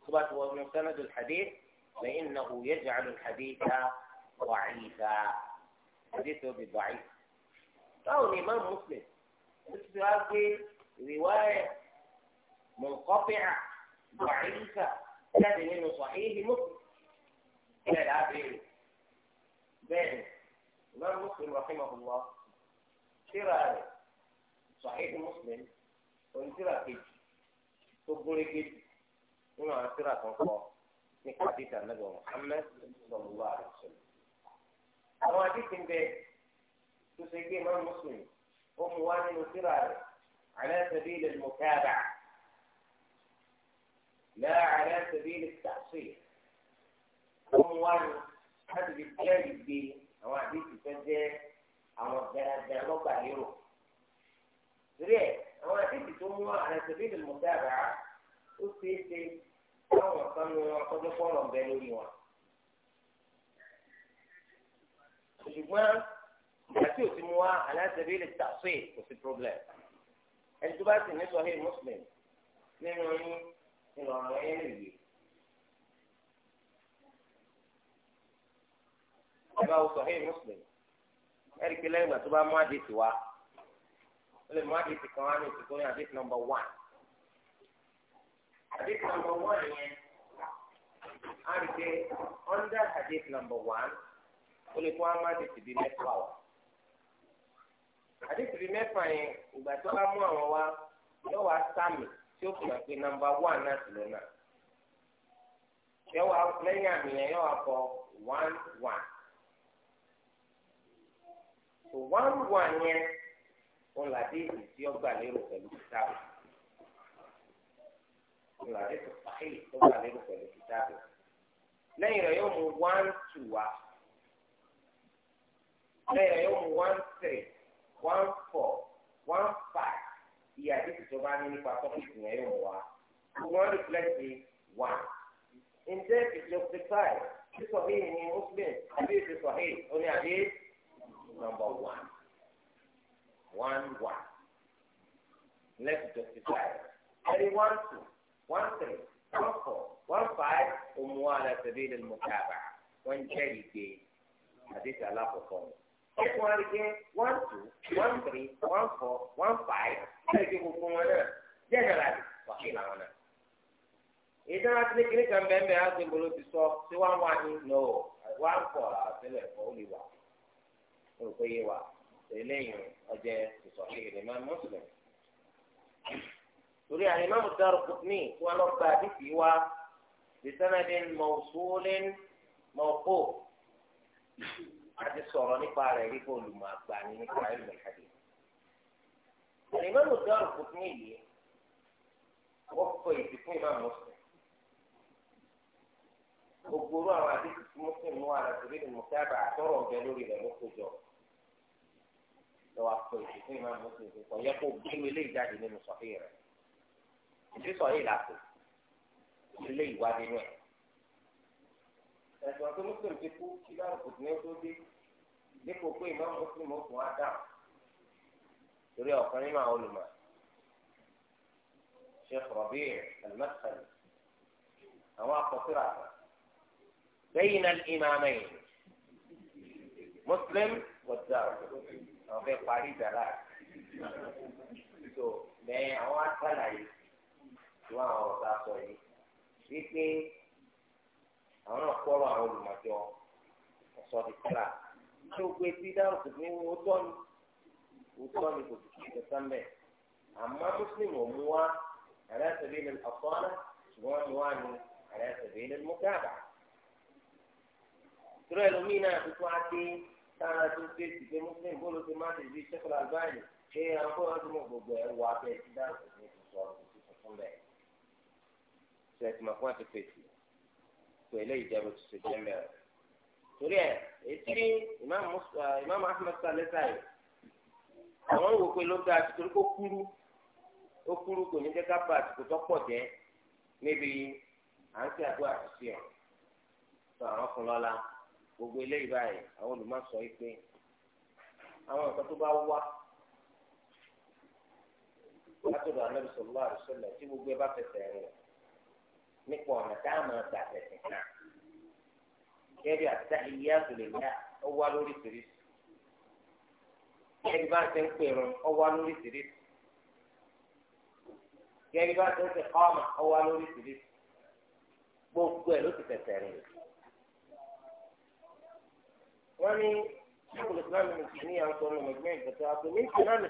ثبت هو من سند الحديث فإنه يجعل الحديث ضعيفا حديثه بضعيف أو الإمام مسلم في رواية منقطعة ضعيفة تدري منه صحيح مسلم إلى العبير بين الإمام مسلم رحمه الله ترى صحيح مسلم وانترى كيف تقول كيف هنا ترى تنقطع ní hadith anabi muhammed sallallahu alaihi wa sallam. àwọn àdìsí ń bẹ tó ṣe gbé imam muslim ó mú wá nínú síra rẹ̀ ala sabil al-mutaba'a la ala sabil al-ta'sir ó mú wá ní láti fi kílẹ̀rì gbé àwọn àdìsí tó jẹ́ àwọn garaga lọ́gbà lérò. torí ẹ̀ àwọn àdìsí tó mú wá ala sabil al-mutaba'a ó ṣeé ṣe. káwọn kan ló wọn kọjú fọ́ọ̀rọ̀ bẹ lórí wọn. ṣùgbọ́n ìgbà tí òsì mu wá aláṣẹ́bí lè tàṣe kò sí problem. ẹni tó bá sì ní sọ́hìn muslim nínú yín ìrọ̀rùn yín nìyí. ẹ bá wo sọ́hìn muslim ẹ̀rí pé lẹ́yìn ìgbà tó bá mú àdìsí wá ó lè mú àdìsí kan wá ní ìsìnkú ní àdìsí nọ́mbà one hadith number one yẹn a rí pé under hadith number one ó lè fún amadi ti di mẹ́fà wa hadith ti di mẹ́fà yẹn ìgbà tó bá mú àwọn wa yóò wá sáàmì tí ó fi hàn pé number one náà ti lọ náà yóò wá lẹ́yìn àmì yẹn yóò wá kọ one one so one one yẹn òun làdé ìdí tí ó gbà lérò pẹ̀lú ìwádìí tó pàṣẹ tó wà lérò pẹ̀lú kìtàbù lẹ́yìn rẹ̀ yóò mú one two wá lẹ́yìn rẹ̀ yóò mú one three one four one five ìyá àdéhùn tó bá ní nípa tọ́pìkì yẹn yóò mú wá gbogbo wọn reflect one ǹjẹ́ ìjọba sísọ yìí ni muslim àbí ìsìsọ yìí ó ní àbí number one one one let's justify it. Everyone two one three one four one five òmùwà àlàsẹ̀bí lè mú káàbà wọ́n jẹ́ ìgbé àdéhùn alákọ̀ọ́kọ́ wọn. ẹ̀kún àríkẹ́ one two one three one four one five ẹ̀kẹ́ gbogbo wọn náà jẹ́nẹ̀rálì wàhí làwọn náà. ìdá àtìlẹ́ kìíní kan bẹ́ẹ̀ bẹ́ẹ̀ àti ìbolo ti sọ sí one one ní no one four àtìlẹ́ ẹ̀kọ́ òlì wà olùkóyè wà eléyìí ọjẹ́ ìsọ̀kè ìrìnnà mùsùlùmí torí àyè náà Daraqutni tí wọ́n lọ gba àdìsí wa bisanadin mawsulin mawquf àti sọ̀rọ̀ nípa rẹ̀ rí kó olùmọ̀ àgbà ní nípa ilẹ̀ ìhàdí. àyè náà Daraqutni yìí wọ́n kọ ìdìbò ìmáà mùsùlùmí gbogbo orú àwọn àdìsí tí mùsùlùmí wà lásìrí ni mùsàbà àtọ̀rọ̀ ọ̀bẹ lórí rẹ̀ ló kójọ lọ́wọ́ àpò ìdìbò ìmáà mùsùlùmí kọ̀ yẹ kó gbé ìdísọ̀ yìí làkò ilé ìwà nínú ẹ̀. ẹ̀sùn àti mùsùlùmí ti kú kí bá òkùnkùn ní oṣù dé dípò pé ìmọ̀ mùsùlùmí òkùn á dáhùn torí ọ̀kan nínú àwọn olùmọ̀ Sheikh Rabi' al-Madkhali àwọn akọ̀síra kan lẹ́yìn al-imamayn Muslim wa Darqutni parí ìdàlá so lẹ́yìn àwọn àtàlàyé irú àwọn ọ̀tá sọ yìí wípé àwọn náà kọ́rọ̀ àwọn olùmọ̀jọ ọ̀sọ̀ di tẹ́lá tí ó gbé sí dáhùn tó ní wọ́n tọ́ ni wọ́n tọ́ ni kò sì kí ẹ̀ sánbẹ̀ àmọ́ mùsùlùmí ò mú wa àlẹ́ àtẹ̀lé ní ọ̀sọ́nà ṣùgbọ́n mú wa ní àlẹ́ àtẹ̀lé ní mọ́tàbà. tùrọ̀ ẹlòmíì náà tuntun á dé táwọn tó dé sí pé mùsùlùmí bó ló ti má ti di ṣẹ́kọ̀lá báyìí ṣé àwọn kó wọn ti mú gbogbo ẹ̀ wọ abẹ́ sí dáhùn tó ní sẹtìmọ fún àtẹfẹsì tó eléyìí jẹ bó ti ṣe jẹ mẹ́rin torí ẹ etí imam ah, ahmed salisa yìí àwọn ń wò pé ló dáa torí kó kúrú ó kúrú kò ní jẹ ká bá àsìkò tó pọ̀ jẹ níbi à ń ṣe àgbo àṣìṣe ọ tó àwọn fún lọ́la gbogbo eléyìí báyìí àwọn olùmọ̀sọ yìí pé àwọn nǹkan tó bá wá látọ̀dọ̀ ànábì sallallahu alaihi wasallam tí gbogbo ẹ bá fẹsẹ̀ rìn. nípa ọ̀nà tá a máa gbà tẹ̀sìn náà. Kẹ́rì àtàhíyátù lillah ó wá lórí tìrìsì. Kẹ́rì bá ń ṣe ń pèrún ó wá lórí tìrìsì. Kẹ́rì bá ń ṣe ń ṣe kọ́ọ̀mà ó wá lórí tìrìsì. Gbogbo ẹ̀ ló ti tẹ̀sẹ̀ rìn. Wọ́n ní ṣẹ́kùn ìsìlámù ní kìíní à ń sọ ọmọ ìgbẹ́ ìgbẹ́ta. Àpò ní ìsìlámù máa ń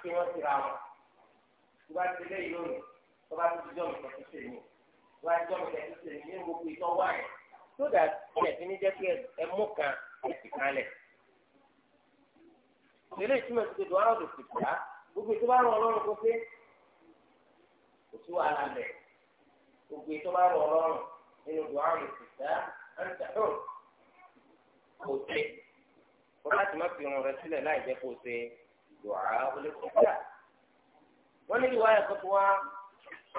ṣe wọ́n wọn. tó bá ti lé ìlú rẹ̀ tó bá ti jọ́ mi kẹ́kẹ́ sí mi tó bá ti jọ́ mi kẹ́kẹ́ sí mi ní gbogbo ìtọ́ wá tó dà ẹ̀ fi ní jẹ́ pé kan ẹ̀ sì kan lẹ̀. ìṣẹ̀lẹ̀ ìtumọ̀ ti dodo àwọn òdòdó ti dá gbogbo ìtọ́ bá rán ọlọ́run kó pé kò sí wàhálà lẹ̀ gbogbo ìtọ́ bá rán ọlọ́run nínú dodo àwọn òdòdó ti dá ẹ̀ ń kò tẹ̀ kó láti má fi irun rẹ sílẹ̀ láì jẹ́ kó ṣe dùhà olókùnrin ومن رواية خطوة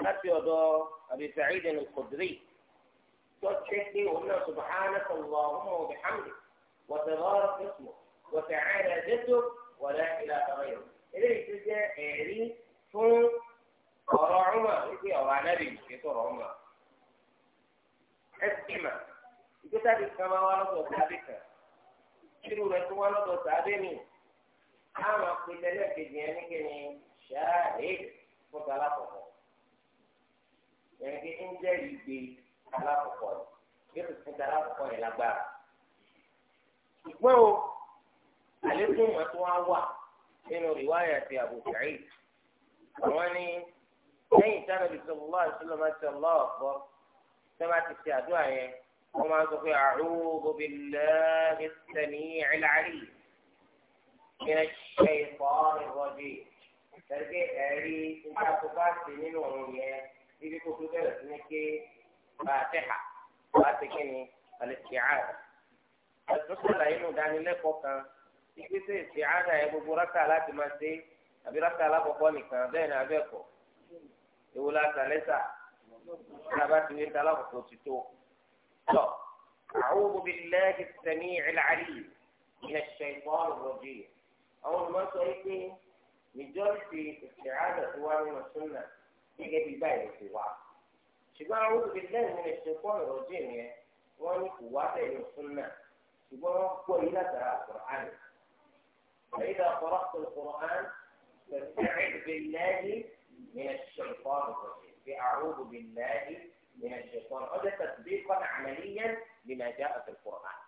نفي وضاء أبي سعيد الخدري تشهدي وقلنا سبحانك اللهم وبحمدك وتبارك اسمك وتعالى جدك ولا إله غيرك إذا تجد إعري فون ọ̀rọ̀ ọ̀rùnmà wípé ọ̀rọ̀ anábì ètò ọ̀rọ̀ ọ̀rùnmà. ẹ̀sìkìmà ìgbésà ti kàn máa wá lọ́dọ̀ tàbí kan irú rẹ̀ tó wá lọ́dọ̀ tàbí mi. àwọn àpèjẹ lẹ́ẹ̀kejì yẹn ní kíni ṣáàhìn fúnta alákọ̀ọ́kọ́ ẹnìkí ń jẹ́ ìgbé alákọ̀ọ́kọ́ yìí yóò fúnta alákọ̀ọ́kọ́ yìí lágbára. ṣùgbọ́n o àlékún wọn tó wá wà nínú ìwáyà ti Abu Sa'id àwọn ní lẹ́yìn táwọn ibi sọ̀rọ̀ lọ́wọ́ àti lọ́wọ́ àti lọ́wọ́ ọ̀pọ̀ tẹ́ bá ti ṣe àdúrà yẹn wọ́n máa sọ pé a'udhu billahi as-sami'il 'alim tẹ̀lé ẹ̀rí nígbà tó bá ti nínú òun yẹn ibi kó tó bẹ̀rẹ̀ sí ní ké fàtẹ́hà wá ti kí ni alẹ́sìáàdà. ẹ̀sùn sọ̀lá inú ìdánilẹ́kọ̀ọ́ kan ìgbésẹ̀ ìsìáàdà yẹn gbogbo rákà láti máa ṣe àbí rákà alákọ̀ọ́kọ́ nìkan bẹ́ẹ̀ ni abẹ́ẹ̀kọ́ ewu la sàlẹ́sà nàbà tí wíńtà alákọ̀ọ́kọ́ ti tó. lọ أعوذ بالله السميع العليم من الشيطان الرجيم أول ما سألتني majority ìṣèhádà tó wá nínú súnà gẹ́gẹ́ bí báyìí ti wá. ṣùgbọ́n àwọn òbí lẹ́yìn nínú ìṣèkọ́ ọ̀rọ̀ díẹ̀ yẹn wọ́n ní kò wá bẹ̀rẹ̀ súnà ṣùgbọ́n wọ́n gbọ́ yìí látara àkùrán. فإذا قرأت القرآن فاستعذ بالله من الشيطان الرجيم بأعوذ بالله من الشيطان هذا تطبيقا عمليا لما جاء في القرآن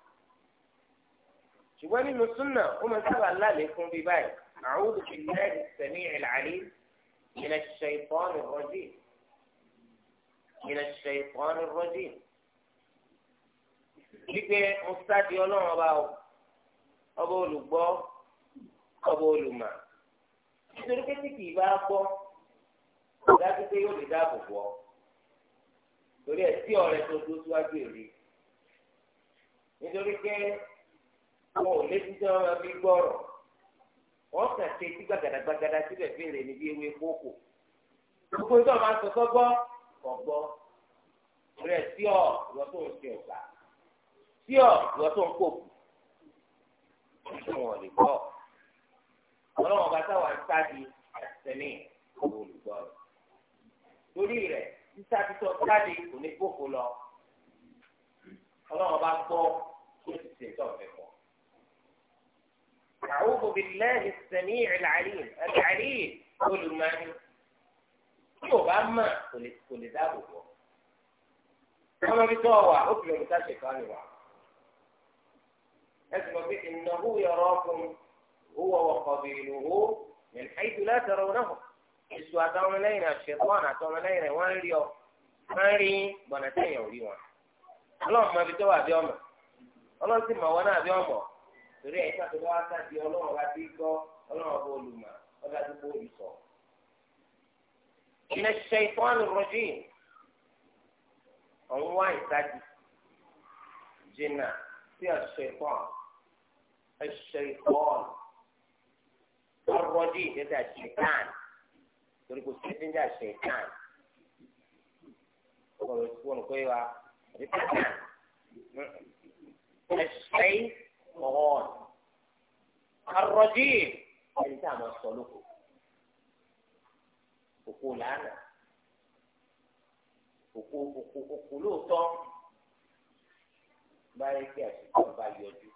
شو نínú súnà ó máa sábà lálẹ́ fún bíbáyìí أعوذ بالله السميع العليم من الشيطان الرجيم من الشيطان الرجيم gbígbé mustadi ọlọ́run ọba o ọba olùgbọ́ ọba olùmọ̀ nítorí pé tí kìí bá gbọ́ dájú pé yóò lè dáàbò bọ́ torí ẹ̀ tí ọ̀rẹ́ tó dúró síwájú èrè nítorí pé wọn ò lé títí ọmọ bí gbọ́rọ̀ wọ́n kàn ṣe tí gbàgàdàgbàgàdà síbẹ̀ fèrè níbi ewé kókò gbogbo ìjọ máa ń sọ sọ́gbọ́ ọ̀gbọ́ rẹ̀ sí ọ̀ ìwọ tó ń ṣe ọ̀gbà sí ọ̀ ìwọ tó ń kókò ìṣòwò lè gbọ́ ọlọ́wọ́n bá táwọn ṣáàdì àtẹ̀mí olùgbọ́ rẹ̀ torí rẹ̀ títa títọ́ ṣáàdì kò ní kókò lọ ọlọ́wọ́n bá gbọ́ kó ti ṣètọ́ fẹ́ أعوذ بالله السميع العليم العليم كل ما يوبا ما كل كل ذا كما بتوا حكم متاشي كان يوا إنه يراكم هو وقبيله من حيث لا ترونه إسوا تون لينا الشيطان تون لينا وانريو ماري بنتين يوليوان الله ما بتوا بيوم الله سيما وانا بيومه torí ẹ̀ka tó wá sáàdì ọlọ́run bá ti gbọ́ ọlọ́run bó olùmọ̀ ọba tó bó olùsọ. ìnà ṣẹ̀fọ́n rọ̀jì ọ̀hún wá ìsájì jìnnà sí ọ̀ṣẹ̀fọ́n ọ̀ṣẹ̀fọ́n ọ̀rọ̀jì ìdẹ́ta ṣẹ̀tàn torí kò sí ẹ̀dínjà ṣẹ̀tàn ọ̀rọ̀ ìfowópamọ́ pé wa ẹ̀dínjà ṣẹ̀tàn ẹ̀ṣẹ̀yìn sọ̀rọ̀ arọ́jì ẹni tí a máa sọ lóko òkú làánà òkú òkú òkú lóòótọ́ báyìí kí àṣìkò bá yọjú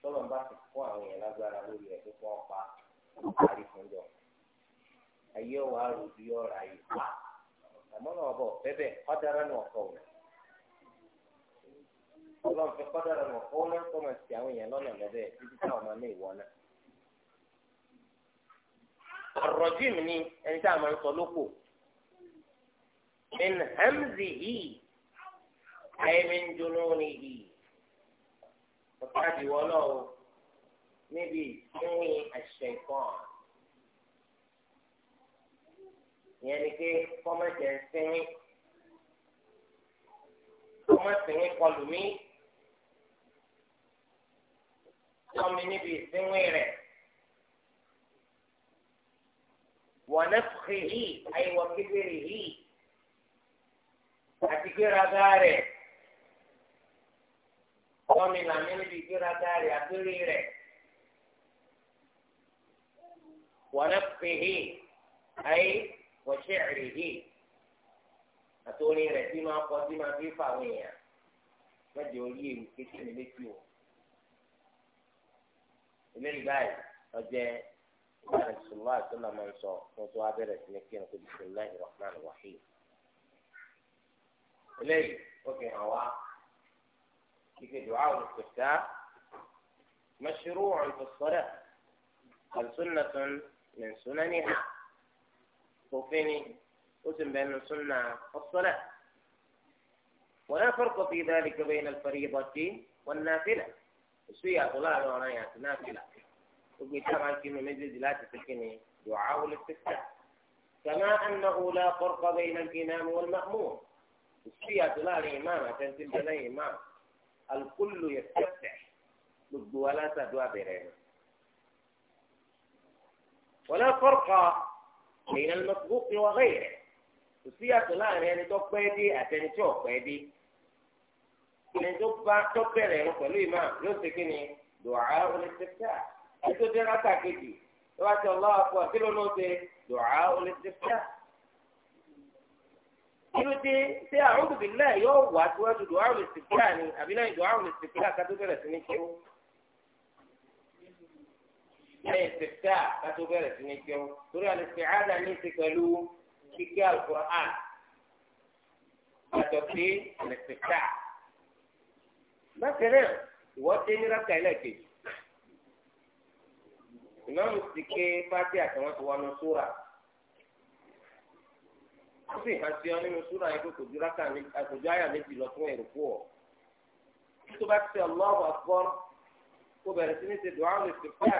tọ́lọ̀ bá ti fún àwọn èèyàn lágbára lórí ẹ̀ tó fún ọ̀pá àárí fún jọ ayé wa rò bí ọ̀rọ̀ ayé pa àmọ́ náà bọ̀ bẹ́bẹ̀ ọ̀dára náà kọ̀ wọ́n ọlọ́run fi kọ́ dára mọ̀ fún náà kó máa ti àwọn èèyàn lọ́nà lọ́bẹ̀ títí táwọn máa ní ìwọ náà. الرجيم ni ẹni tá a máa ń sọ lóko من همزه أي من جنونه ọ̀tàdì wọlọ́ o níbi ìsinmi àṣẹ̀kàn ìyẹn ni pé kọ́mọ̀jẹ̀ ń sinmi kọ́mọ̀sìnmi kọlù mí. tọ́ mi níbi ìsínwé rẹ̀ wọ́n fi hì àyẹ̀wò kékeré hì àti gbéraga rẹ̀ tọ́ mi làmì níbi gbéraga rẹ̀ àgbéré rẹ̀ wọ́n fi hì àyẹ̀wò ṣẹ̀rì hì àtòrin rẹ̀ tí máa kọ́ tí máa fi fà wọ̀nyà lọ́jọ́ orí èmi kékeré létí o. eléyìí báyìí ọjẹ ìbára ìṣòwò àtúnlá máa ń sọ fún tó wá bẹ̀rẹ̀ sí ní kí n kó wà fún yìí. eléyìí ó fi hàn wá kíkẹ́ dùn áwọn ní مشروع في الصلاة بل سنة من سننها وفيني قسم بين السنة والصلاة ولا فرق في ذلك بين الفريضة والنافلة kò sí ìyàtọ̀ láàrin ọ̀ràn yẹn àti náfìlà gbogbo ìta máa ń kí inú méjèèjì láti fi kí ni dùá wọlé sísà kàmá ẹnìnàwó la kọ́kọ́ bẹ́ẹ̀ iná kí iná mi wọ́n máa mú kò sí ìyàtọ̀ láàrin ìmáàmù àtẹ̀ntì bẹ́ẹ̀ lẹ́yìn ìmáàmù alukólo yẹ tẹ́tẹ̀ gbogbo alásàdúrà bẹ̀rẹ̀ rẹ̀ wọlé kọ́kọ́ bẹ́ẹ̀ iná lọ́kùnkùn wọ́n rẹ̀ kò sí ìyàtọ̀ láàrin ẹni tó pẹ́ dé àtẹnitọ́ pẹ́ dé. ẹni tó bá tó bẹ̀rẹ̀ ẹ̀rọ pẹ̀lú ìmọ̀ yóò ṣe kí ni dùwà olùsèpítà ẹni tó dé rákà kejì tó bá ti ọlọ́ àpò kí ló ló ṣe dùwà olùsèpítà. kí ló dé ṣé àwọn bìbìlá yóò wá síwájú dùwà olùsèpítà ni àbí náà dùwà olùsèpítà ká tó bẹ̀rẹ̀ sí ní kíó. lẹ́yìn sèpítà ká tó bẹ̀rẹ̀ sí ní kíó torí àlùsèpítà ní ti pẹ̀lú kíkẹ́ àlùkò bákan náà ìwọ dé ní rákà ẹlẹ́ẹ̀kejì ìmáàmù ti ké fáti àtàwọn tó wà nù súrà ó sì hàn sí ọ nínú súrà yẹn kó kò ju rákà kò ju àyà méjì lọ fún ẹ̀rù fún ọ tó bá ti Allahu Akbar kó bẹ̀rẹ̀ sí ní ti dùn àwọn èsì fún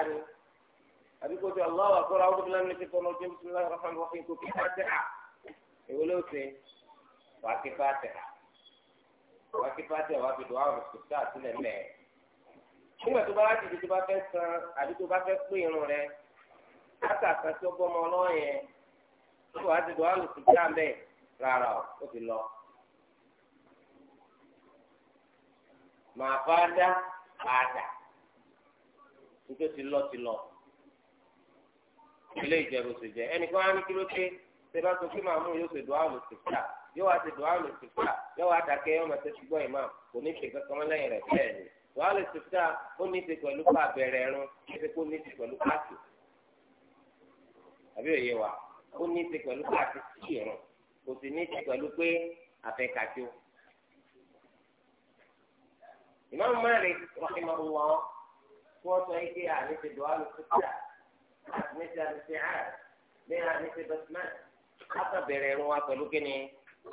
àbí kó ti Allahu Akbar àwọn obìnrin ní ti fọlọ́ jẹ́ bismillahir rahmanir rahim kó kí fáti hà èwo ló kí fáti hà wá kí pátí ẹ̀ wá fi dùn áwòrán kò sí àtìlẹ̀ mẹ́. nígbà tó bá wá dìde tó bá fẹ́ san àbí tó bá fẹ́ pé irun rẹ látàkàn tí ó gbọ́mọ ọlọ́run yẹn tó wá ti dùn áwòrán kò sí àmẹ́ rárá ó ti lọ. màá fá dá àdà nítorí ti lọ ti lọ ilé ìjẹun ṣe jẹ ẹnìkan á ní kí ló dé ṣe bá sọ pé màmú yóò ṣe dùn áwòrán kò àmẹ́ yóò wá ti dùn áwòlù sùfà yóò wá dàkẹ́ yóò máa tẹ́tí gbọ́ ìmáà kò ní ṣe kankan lẹ́yìn rẹ̀ bẹ́ẹ̀ ni dùn áwòlù sùfà ó ní ṣe pẹ̀lú ká bẹ̀rẹ̀ ẹ̀rún ṣe kó ní ṣe pẹ̀lú káàtì àbí òye wa ó ní ṣe pẹ̀lú káàtì sí ìrún kò sì ní ṣe pẹ̀lú pé àfẹ́kàtì o. mẹ́rin rọ́ọ̀kìmọ̀ wọ kí wọ́n sọ yìí pé àní ṣe dùn áwòlù sùfà àti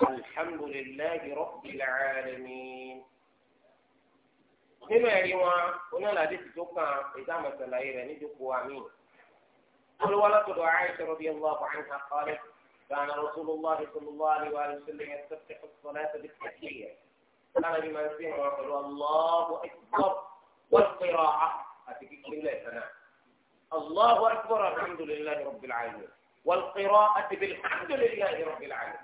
الحمد لله رب العالمين nínú ẹ̀rí wọn onílàdé ti tó kàn ìdáhùn ìsàlàyé rẹ̀ níjókòó àmì olùwàlátọ̀dọ̀ àìsàn rọ̀bì allah anha qalat كان رسول الله صلى الله عليه وآله وسلم يستفتح الصلاة بالتحية كان بما فيه وقال الله أكبر والقراءة أتكيك الله سنة الله أكبر الحمد لله رب العالمين والقراءة بالحمد لله رب العالمين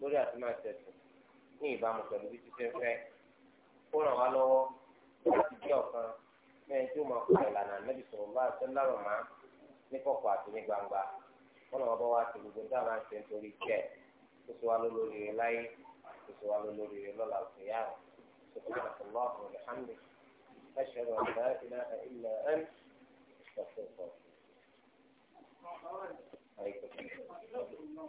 lórí àti máa tẹ̀sùn ní ìbámu pẹ̀lú bí títí ń fẹ́ kó ràn wá lọ́wọ́ láti jẹ́ ọ̀kan mẹ́rin tí ó máa kọ́ ìlànà ànábì sọ̀rọ̀ bá àti ńlárọ̀ máa ní kọ̀kọ̀ àti ní gbangba kó ràn wá bọ́ wá sí gbogbo dáhùn àti nítorí jẹ́ kó sọ wá lórí rẹ láyé kó sọ wá lórí rẹ lọ́la òkè yára سبحانك اللهم وبحمدك أشهد أن لا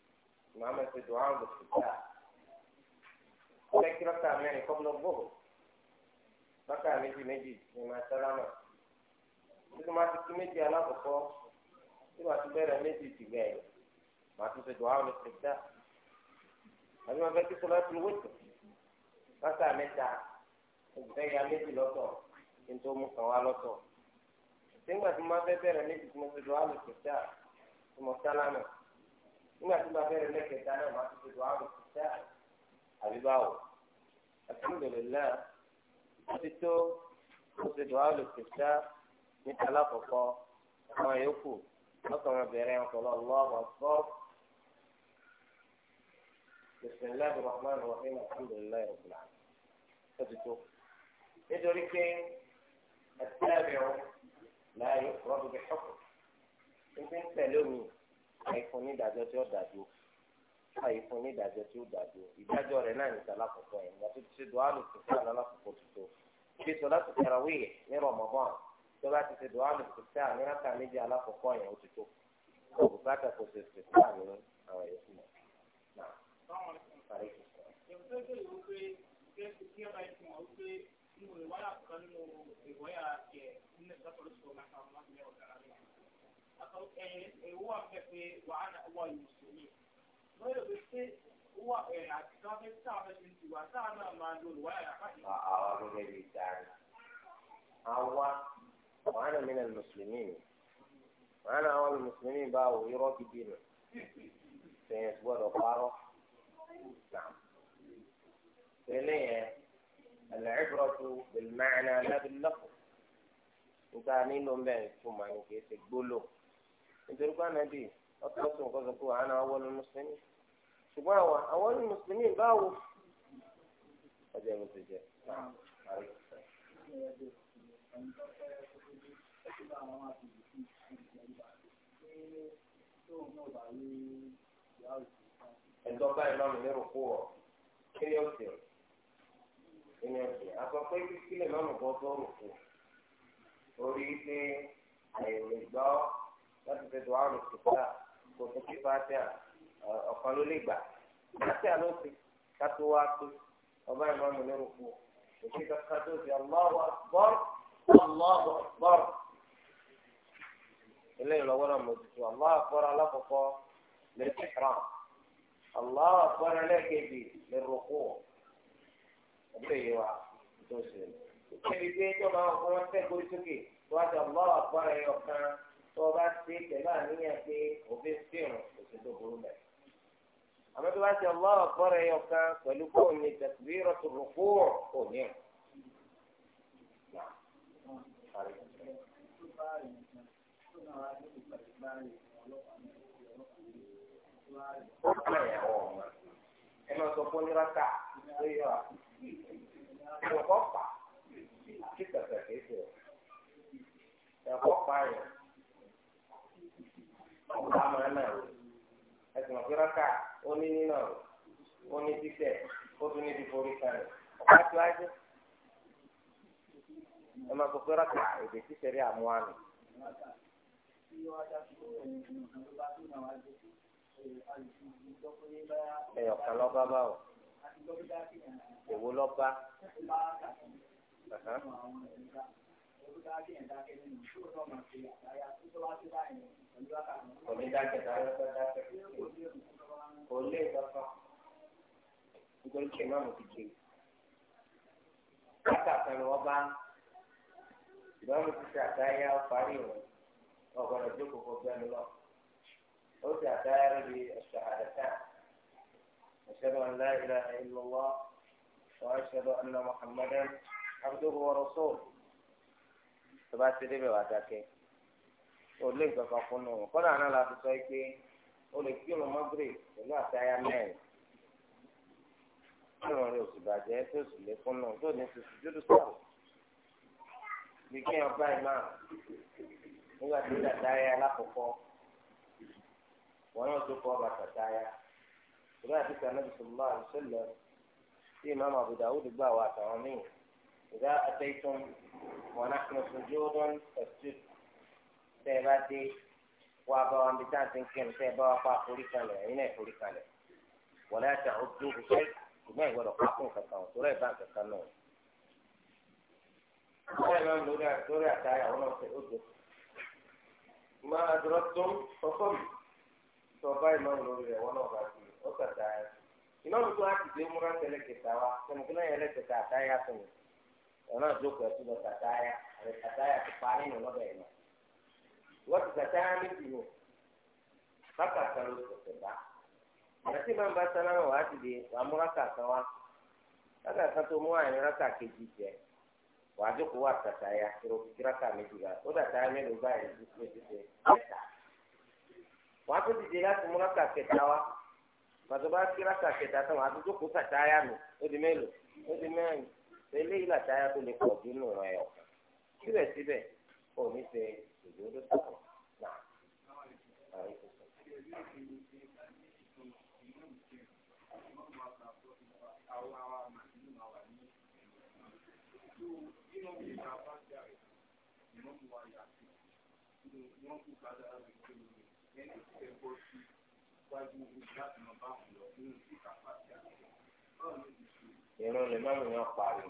ìmáàmù ti dùn áwọn lòkùtà lẹ́kí lọ́kà mẹ́rin kọ́ lọ gbòòrò lọ́kà méjì méjì ní máa sálámà títí máa ti kí méjì alákọ̀ọ́kọ́ tí máa ti bẹ̀rẹ̀ méjì ìgbà yìí máa tún ti dùn áwọn lòkùtà àbí wọn fẹ́ kí sọlá ti wéètò lọ́kà mẹ́ta òkùtà ya méjì lọ́tọ̀ kí n tó mú kàn wá lọ́tọ̀ sígbà tí mo fẹ́ bẹ̀rẹ̀ méjì tí mo ti dùn áwọn lòkùtà tí mo sálámà. nígbà tí bá bẹ̀rẹ̀ lẹ́kẹ̀ẹ́ta náà máa tún ṣe dùn áwọ̀ sí sáà àbí báwò alhamdulilayi wọ́n ti tó ó ṣe dùn áwọ̀ sí sáà níta lákòókò àwọn yòókù lọ́kàn bẹ̀rẹ̀ ọ̀pọ̀lọ́ lọ́wọ́ bọ́ bisimilahi rahman rahim alhamdulilayi rabbil alamin ó ti tó nítorí pé àti àbẹ̀wò láàyè rọ́bì bí xọ́kù ní ti ń tẹ̀lé omi. àìfún ní ìdájọ́ tí ó dájú àìfún ní ìdájọ́ tí ó dájú ìdájọ́ rẹ̀ náà nìkan lákòókò yẹn ìgbà tó ti ṣe dùn àlùkò sí àná lákòókò tuntun ṣe sọ láti kẹràwé ní rọmọbọn tó bá ti ṣe dùn àlùkò sí àná láta méjì alákòókò yẹn ó ti tó kò bùkátà kò ṣe ṣe sí àná àwọn yòókù náà. Ìwé ìwádà kan nínú ẹ̀ هو وعن هو المسلمين غير بس هو الاعتقاد الصعب في وسعنا ما دون ولا حاجه اعوذ بالله هو وانا من المسلمين وانا اول المسلمين باو يروك دينه sẹ́yìn tí gbọ́dọ̀ parọ́ náà. Tẹ́lẹ̀ yẹn, al-ibratu bil-ma'na la bil-lafz. Nta nílò ń bẹ̀rẹ̀ túmọ̀ ní kìí ṣe gbólóhùn. nítorí pé ànábì ọ̀tọ̀ nǹkan sọ pé wàá náà wọ́n mùsùlùmí ṣùgbọ́n àwọn àwọn mùsùlùmí báwo jẹ. báyìí máa lérò kí ni ó rò láti fi dùn àrùn kìkà kò tó kí fàtíà ọ̀kan ló lè gbà fàtíà ló fi kátó wá pé ọba ìmọ̀mù lérò kú òkè kankan tó fi Allahu Akbar Allahu Akbar eléyìí lọ́wọ́ náà mo tutù Allahu Akbar alákọ̀ọ́kọ́ lè fi ràn Allahu Akbar ẹlẹ́kẹ̀ẹ́bì lè rò kú ọ̀pẹ̀ yìí wá tó ṣe. Ìkéde pé tó máa fọwọ́ tẹ́ tó o bá ṣe pẹ̀lú àníyàn pé òfin fìrùn òsì tó burú bẹ̀. àmọ́ tó bá ṣe ọlọ́run kọ́rẹ́ ẹyọ kan pẹ̀lú kó o ní tẹ̀síbí rọ̀tò rúkú kò ní. ó kàn ẹ̀ ọ̀ ẹ máa sọ fún níraka tó yọ ẹ̀kọ́ pa kí tẹ̀sẹ̀ kéde ẹ̀kọ́ pa yẹn ọ̀gá máa nà o ẹ̀sìn ọ̀gbẹ́rọ́kà ó ní nínà o ó ní títẹ̀ ó tún ní ìforí kalẹ̀ ọ̀gá tó ajé ẹ̀ máa gbọ́ pẹ́rọ́kà èdè títẹ̀ rí àmúhánù. ẹyọ kan lọba báwo èwo lọba. kò lè kankan nítorí kí ìmáàmù ti gbé látàkàn ni wọ́n bá ìmáàmù ti ṣe àtàyà parí wọn ọ̀gbọ́dọ̀ jókòó kó gbẹ́nu lọ ó ṣe àtàyà lórí ẹ̀ṣọ́ àdàtà أشهد أن لا إله إلا الله وأشهد أن محمدا عبده ورسوله tó bá ti débẹ̀ wá dákẹ́ ó lé ìgbàgbọ́ fún un kọ́dà náà la fi sọ pé ó lè kírun mọ́gírì pẹ̀lú àtayá mẹ́rin kírun rẹ̀ òsì bàjẹ́ tó sì lé fún un tó ní tuntun dúdú sọ̀rọ̀ bí kí wọ́n bá ìmá nígbà tó dàda ya lákòókò wọn náà tó kọ́ bàtà dáyà ìgbà àti sànàbìsọ̀ lọ́wọ́ àti sẹ́lẹ̀ tí ìmáàmù àbùdá ó dùgbà wà àtàwọn míì. إذا أتيتم ونحن سجود فاسجد سيباتي وأبا أنبتان تنكين سيبا وقا قوليكا لعيني قوليكا لعيني ولا تعدوه شيء ما يقول قاقون كتاو سورة بان كتاو قال من لولا سورة تايا ونو سيؤدو ما أدركتم فصل سوباي من لولا ونو غاتي وكتايا إمام سواتي ديمورا تلك كتاوا سنقنا يلك كتايا سنقنا ọ̀nà àjókòó ẹtú lọ tàtáyà àrẹ tàtáyà ti pa nínú lọ́dọ̀ ẹ̀ lọ. wọ́n ti tàtáyà méjì nù bákà kan ló sọ̀tẹ̀ bá. àti máa ń bá sálámà wàá ti di wàá mú rákà kan wá rákà kan tó mú àyìn rákà kejì jẹ wàá jókòó wà tàtáyà kúrò kí rákà méjì wá ó tàtáyà mélòó báyìí ní ìdíje mẹ́ta. wàá tó dìde láti mú rákà kẹta wá pàtó bá kí rákà kẹta tán wàá tó jókòó tàtáyà ó di mélòó ó di mẹ́rin eléyìí làtàyà tó lè pọ̀ jù nù ẹ̀ ọ̀kan síbẹ̀síbẹ̀ ní ṣe ìdúró sọ̀rọ̀ náà. Ìrún lè má mú yàn parí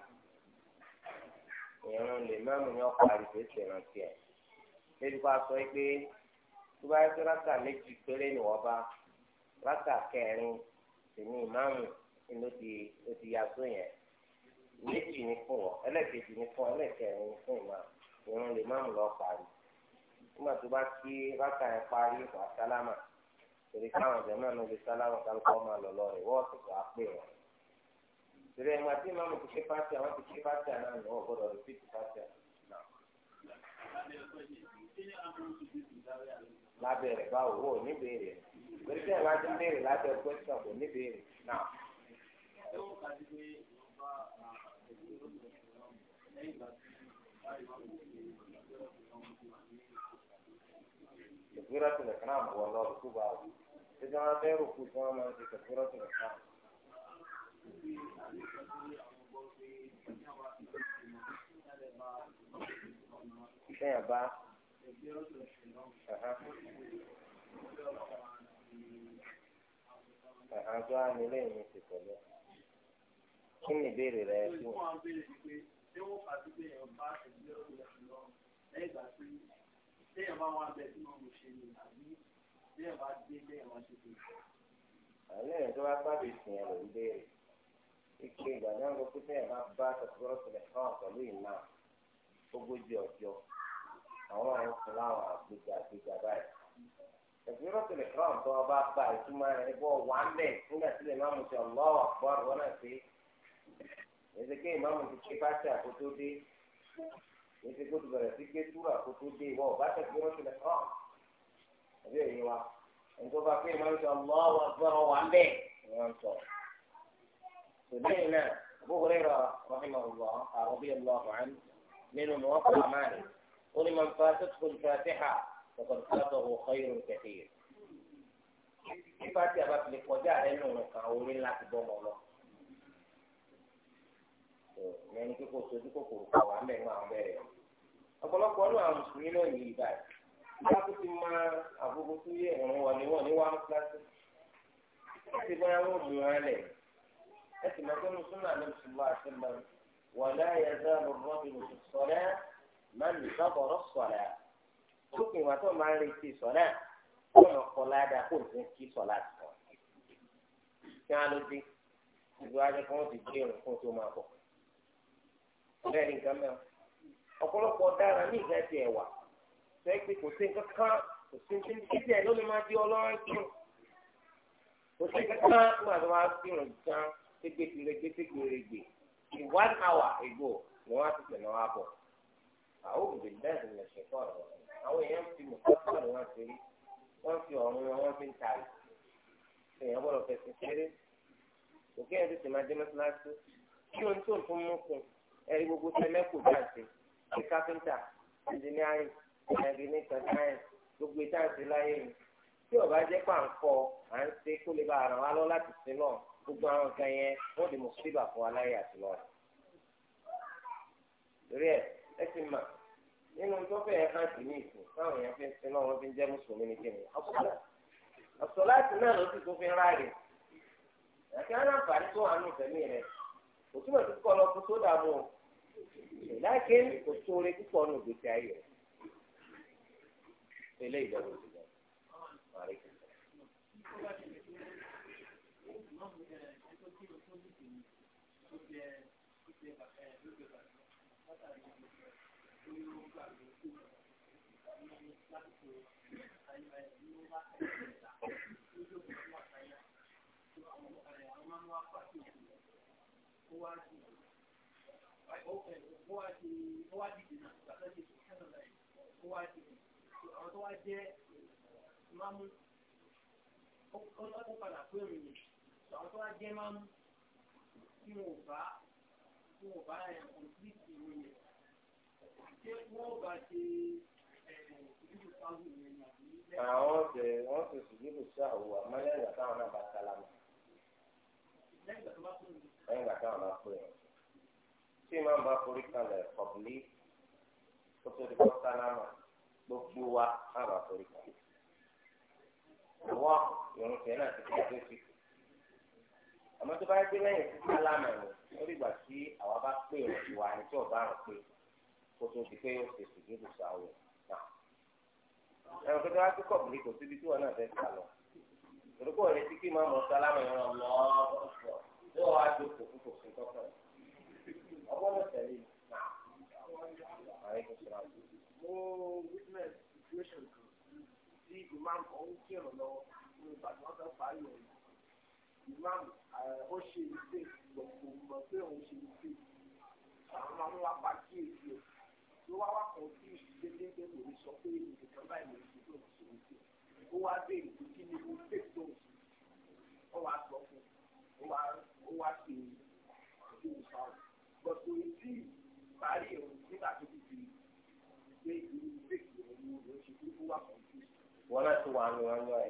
ìran lè má mú ní ọkọ àdìsẹ́ ti rántí ẹ̀. Lébi kó a sọ pé tó bá yẹ kí rákà méjì péré ni wọ́n bá rákà kẹrin sì ní ìmáàmù inú ti ó ti ya só yẹn. Méjì ni fún wọn, ẹlẹ́ẹ̀kejì ni fún ẹlẹ́ẹ̀kẹrin ni fún ìmáàmù. Ìran lè má mú lọ parí. Nígbà tó bá kí rákà yẹn parí wà sálámà. Torí káwọn ọ̀jẹ̀ náà ló lè sálámà kálukọ́ máa lọ lọ rẹ̀ wọ́n ti sọ àpè wọn ìrẹ̀ ìgbà tí màmú ti ké pàṣẹ àwọn ti ké pàṣẹ náà ni wọ́n gbọ́dọ̀ rẹ̀ fi ti pàṣẹ. lábẹ́ rẹ̀ báwo wò ní béèrè torí tẹ́ ẹ̀ bá ti ń béèrè lábẹ́ pẹ́sítọ̀ kò ní béèrè náà. Ìgbéra tilẹ̀ kan náà wọ̀ lọ́rùkú báwo. Ṣé jẹ́ wọn fẹ́ rò kú tí wọ́n máa ń ṣe ìgbéra tilẹ̀ kan? kéèyàn bá àgọ́ ànílé mi ti pẹ̀lú kí ni ìbéèrè rẹ fún un. ṣé wọ́n tó bá pàdé ìsìn yẹn lòún béèrè ike ìgbà náà lọ pípẹ́ ẹ̀ máa bá tẹ̀síwọ́rọ́ sílẹ̀ fún àpẹ̀lú ìmá ogójì ọjọ́ àwọn ọ̀hún fún láwọn àgbègbè àgbègbè báyìí. tẹ̀síwọ́rọ́ sílẹ̀ fún àwọn tó bá bá ìtumọ̀ rẹ̀ bọ́ wà ń bẹ̀ nígbà tí lè máa mú sí ọlọ́wọ́ àpọ̀ àwọn náà sí. èsèké ìmáàmù ti ké pàṣẹ àkótó dé èsèké tó bẹ̀rẹ̀ sí gbé túrò àkótó dé ìwọ ọ̀bá tẹ̀síwọ́rọ́ sílẹ̀ fún àwọn ẹ̀bí ẹ̀yìn wa ẹ̀ńtọ́ bá pé ìmáàmù sí ọlọ́wọ́ àpọ̀ àwọn wà ń bẹ̀ lẹ́yìn náà Abu Hurairah rahimahullah radiyallahu anhu nínú Muwatta àmàlẹ ó ní man fatathu al-Fatiha faqad fatahu khayrun kathir nípa tí a bá fi lè kọjá rẹ nù nǹkan orí ńlá ti bọ́ mọ́ lọ. ìyẹn ni kíkó sojú kòkòrò kò wá mẹ́rin àwọn bẹ́ẹ̀ rẹ̀. ọ̀pọ̀lọpọ̀ ọdún àwọn mùsùlùmí náà yìí báyìí. bí wọ́n ti máa àbúrò tó yẹ ìrànwọ́ ni wọ́n ní wàá ń pàṣẹ. láti bá wọn mú wọn lẹ̀ لكن ما كانوا سنة النبي صلى الله عليه وسلم ولا يزال الرجل في الصلاة من صبر الصلاة tókè wá tó máa ń retí sọlá tó lọ kọ ládàá kó ní kí sọlá sọ kí wọn ló dé ìlú ajé kan ti gbé irun fún tó máa bọ bẹ́ẹ̀ ni nǹkan mẹ́rin ọ̀pọ̀lọpọ̀ dára ní ìgbà tí ẹ wà sọ pé kò sí nǹkan kan kò sí nǹkan títí ẹ ló lè máa di ọlọ́run kírun kò sí nǹkan kan nígbà tó máa kírun gan ségbèsèrègbè ségbèrègbè in one hour ago ni wọ́n ti tẹ̀lé wọn bọ̀. àwọn òbí bẹ́ẹ̀ ni lè ṣe fọ́ ọ̀rọ̀ àwọn èèyàn fi mùsọ́tò ni wọ́n ti rí wọ́n fi ọ̀run wọn wọ́n fi ń tààrí. èèyàn gbọ́dọ̀ fẹsẹ̀ kéré òkè ẹ̀ tètè máa dé mọ́sálásí kí ohun tó ń fún mú kún ẹ̀rí gbogbo sẹ́lẹ̀kù dáǹsì ṣe káfíńtà ẹ̀ńdíníárì ẹ̀ńdíníkà sáyẹ̀nsì gbogbo dáǹsì láyé mi tí ọ̀bá jẹ́ pàǹkọ́ à ń ṣe kó lè bá ara wa lọ láti sin náà gbogbo àwọn nǹkan yẹn wọ́n di mùsùlùmí fún aláyé àti lọ́rùn. torí ẹ ẹ ti mà nínú tó fẹ́ẹ́ hàn sí ní ìsìn táwọn èèyàn fi ń sin náà wọ́n fi ń jẹ́ mùsùlùmí ní kíni ọ̀sọ̀lá ọ̀sọ̀lá ti náà ló sì tó fi ń ráàyè ẹ̀ka aláǹfààní tó wà nù fẹ̀mí rẹ̀ kò túbọ̀ tó kọ́ lọ fún sódà mú o láìké kò sóore púpọ̀ nù gbèsè ayé rẹ̀ Àwọn tó wá jẹ́ máa mú ọdún padà pé òun yìí àwọn tó wá jẹ́ máa ń tí wọn ò bá tí wọn ò bá ẹ̀ kọ̀ǹtìlìtì ìwé yẹn ṣé wọ́n ò bá ṣe ìdílù sáwù yẹn ní àbí. àwọn ọ̀sẹ̀ wọ́n ti sùn nílùú sáwù àmọ́ lẹ́yìn ìgbà táwọn náà bá sálámù. lẹ́yìn ìgbà tó bá pè é. lẹ́yìn ìgbà táwọn náà pè é. tí màá bá forí kalẹ̀ kọ̀bùlí kó tó di kọ́ gbogbo wa má bá forí kalẹ̀. ìwọ ìrùn àmọ́ tó bá yẹ pé lẹ́yìn tí sálámà ni lórí ìgbà tí àwa bá pè é ìwà ni tí ọba àrùn pé kó tó di pé ó ṣe sùjúdù sáwọ náà. ẹ̀rọ pé tó bá tó kọ̀ọ̀bù ní kò síbi tí wọn náà fẹ́ sá lọ. ìdókòwò rẹ ti kí máa mọ sálámà yẹn lọ lọ́ọ́ tí wọ́n wá ju kò fún kò fún tọ́kàn. ọgbọ́n náà tẹ̀lé náà. mo witness situation kan tí ìmáàmù ọ̀hún kí ìrànlọ́wọ́ mo bàtà ọ̀sán fàáyọ̀ yìí imam eh, ó ṣe ìṣe kò mọ̀ pé òun ṣe ìṣe àwọn máa ń wá pàkíyèsí ẹ̀ tó wá wá kan sí ìṣẹ́gbẹ́gbẹ́ kò ní sọ pé nǹkan báyìí lè ṣe tó ṣe ìṣe ó wá dé ìlú kí ni mo fẹ́ tó ṣe ó wá sọ fún ó wá ó wá ṣe ìṣe ìṣàwọ̀ gbọ̀dọ̀ ìdí parí òun nígbà tó ti di ìgbé ìlú ìgbé ìlú ló ṣe kí ó wá kàn sí. wọ́n náà tún wà ní wọn náà.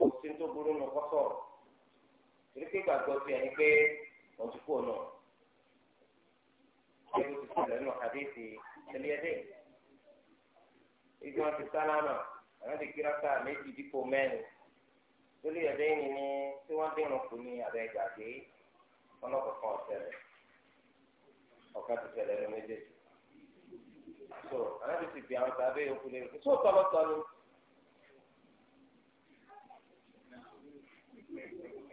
kò sí tó burú nù kọ́ sọ̀rọ̀ torí pé gbàgbọ́ ti ẹni pé wọ́n ti kú ọ̀nà ṣé o ti sọ̀rọ̀ nù àdéhìí ẹlẹ́ ẹdẹ́ ìgbìmọ̀ ti sálámà àwọn ti kíra sáà méjì dípò mẹ́rin lórí ẹ̀dẹ́ yìí ni tí wọ́n dẹ̀rùn kù ní abẹ́ gbàgbé ọlọ́kọ̀ọ̀kan ọ̀sẹ̀rẹ̀ ọ̀kan ti ṣẹlẹ̀ nù méjèèjì so àwọn ti ti bí àwọn sábẹ́ yòókù lé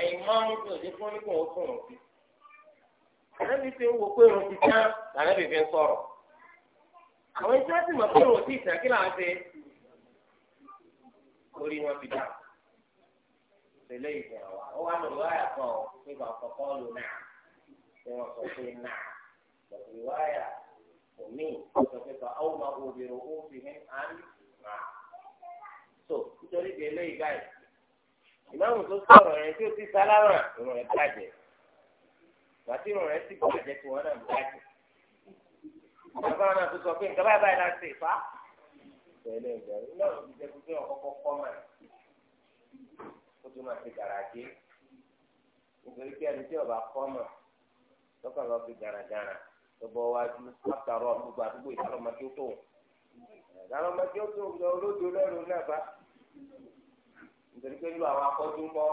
ẹ̀yìn mọ́mú tó ní fún ní kò òun sí. ànábì fi ń wo pé òun ti tán lànábì fi ń sọ̀rọ̀. àwọn iṣẹ́ sì mọ̀ pé òun ti ìtàn kí làwọn ṣe. orí wọn fi dà. ìṣẹ̀lẹ̀ ìgbà wa ó wáyà kan lò náà wọ́n sọ pé náà wáyà omi ìmáàmù tó sọ̀rọ̀ yẹn tí ó ti sálámà ìrùn rẹ̀ bàjẹ́ wàtí ìrùn rẹ̀ sì bàjẹ́ tí wọ́n náà bàjẹ́ bàbá náà tó sọ pé nǹkan báyìí báyìí láti fa pẹ̀lú ẹ̀jẹ̀ náà ti jẹ́ pé ọkọ̀ kọ́ mà ó tún máa fi gàràjé nítorí pé ẹni tí ọba kọ́ mà lọ́kàn lọ́ọ́ fi gàràgàrà lọ́bọ̀ wájú látàrọ̀ gbogbo àdúgbò ìdálọ́mọdé tó ìdálọ́mọdé tó olódo lẹ́rù náà bá nítorí pé irú àwọn akọ́jú ń bọ́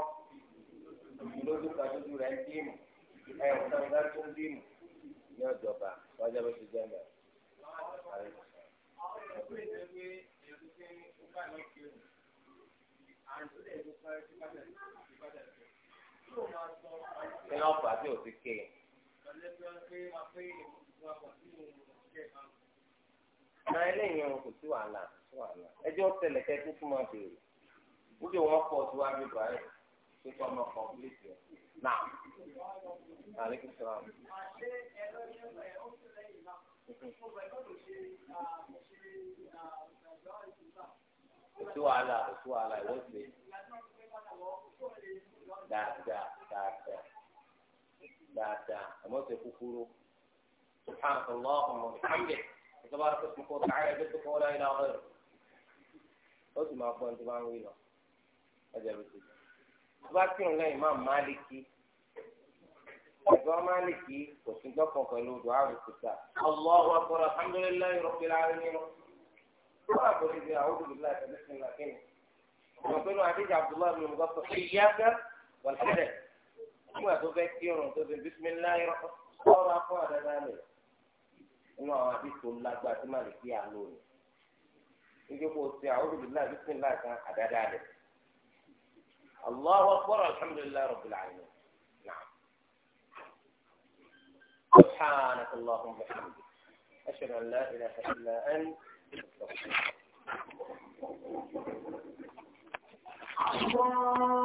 lójú kadúdú rẹ̀ ń dìímù ẹ̀ ọ̀sán rẹ̀ tó ń dìímù ní ọ̀jọ̀ba wájú ẹ̀rọ ti jẹ́ mẹ́rin. Kí ló fà á tí o ti ké? Náà eléyìí kò sí wàhálà, sí wàhálà. Ẹjọ́ tẹ̀lẹ̀kẹ́ tó tún máa béèrè ó lè wọ́n pọ̀ síwájú ibrahim pé kọ́ ọmọ kọ̀ọ̀pìlìtì ẹ̀ náà àlékún sọ̀rọ̀ àmì. Òtú wàhálà òtú wàhálà ìwọ́n ti dáadáa dáadáa dáadáa àmọ́ ṣe kúkúrú. سبحانك اللهم وبحمدك وتبارك اسمك وتعالى جدك ولا اله غيرك. قلت ما اقول انت ما ọjọ́bìtì tó bá kírun lẹ́yìn máa máàlìkì ẹ̀gbọ́n máàlìkì kò sí dọ́kàn pẹ̀lú dùn áàrùn kùtà Allahu akbar alhamdulillahi rabbil alamin wọ́n àbọ̀lẹ̀ bí àwọn olùdílé àtẹ̀lẹ́ sí ní akínní ọ̀nà pẹ̀lú àdéjà abdullahi bin mugafa ìyáka wàlẹ́dẹ̀ nígbà tó fẹ́ kírun tó fi bisimilayi ọ̀rọ̀ afọ àdáda lẹ̀ nínú àwọn àdìsó lágbàá tí máàlìkì àlọ́ ni الله أكبر الحمد لله رب العالمين نعم سبحانك اللهم وبحمدك أشهد أن لا إله إلا أنت الله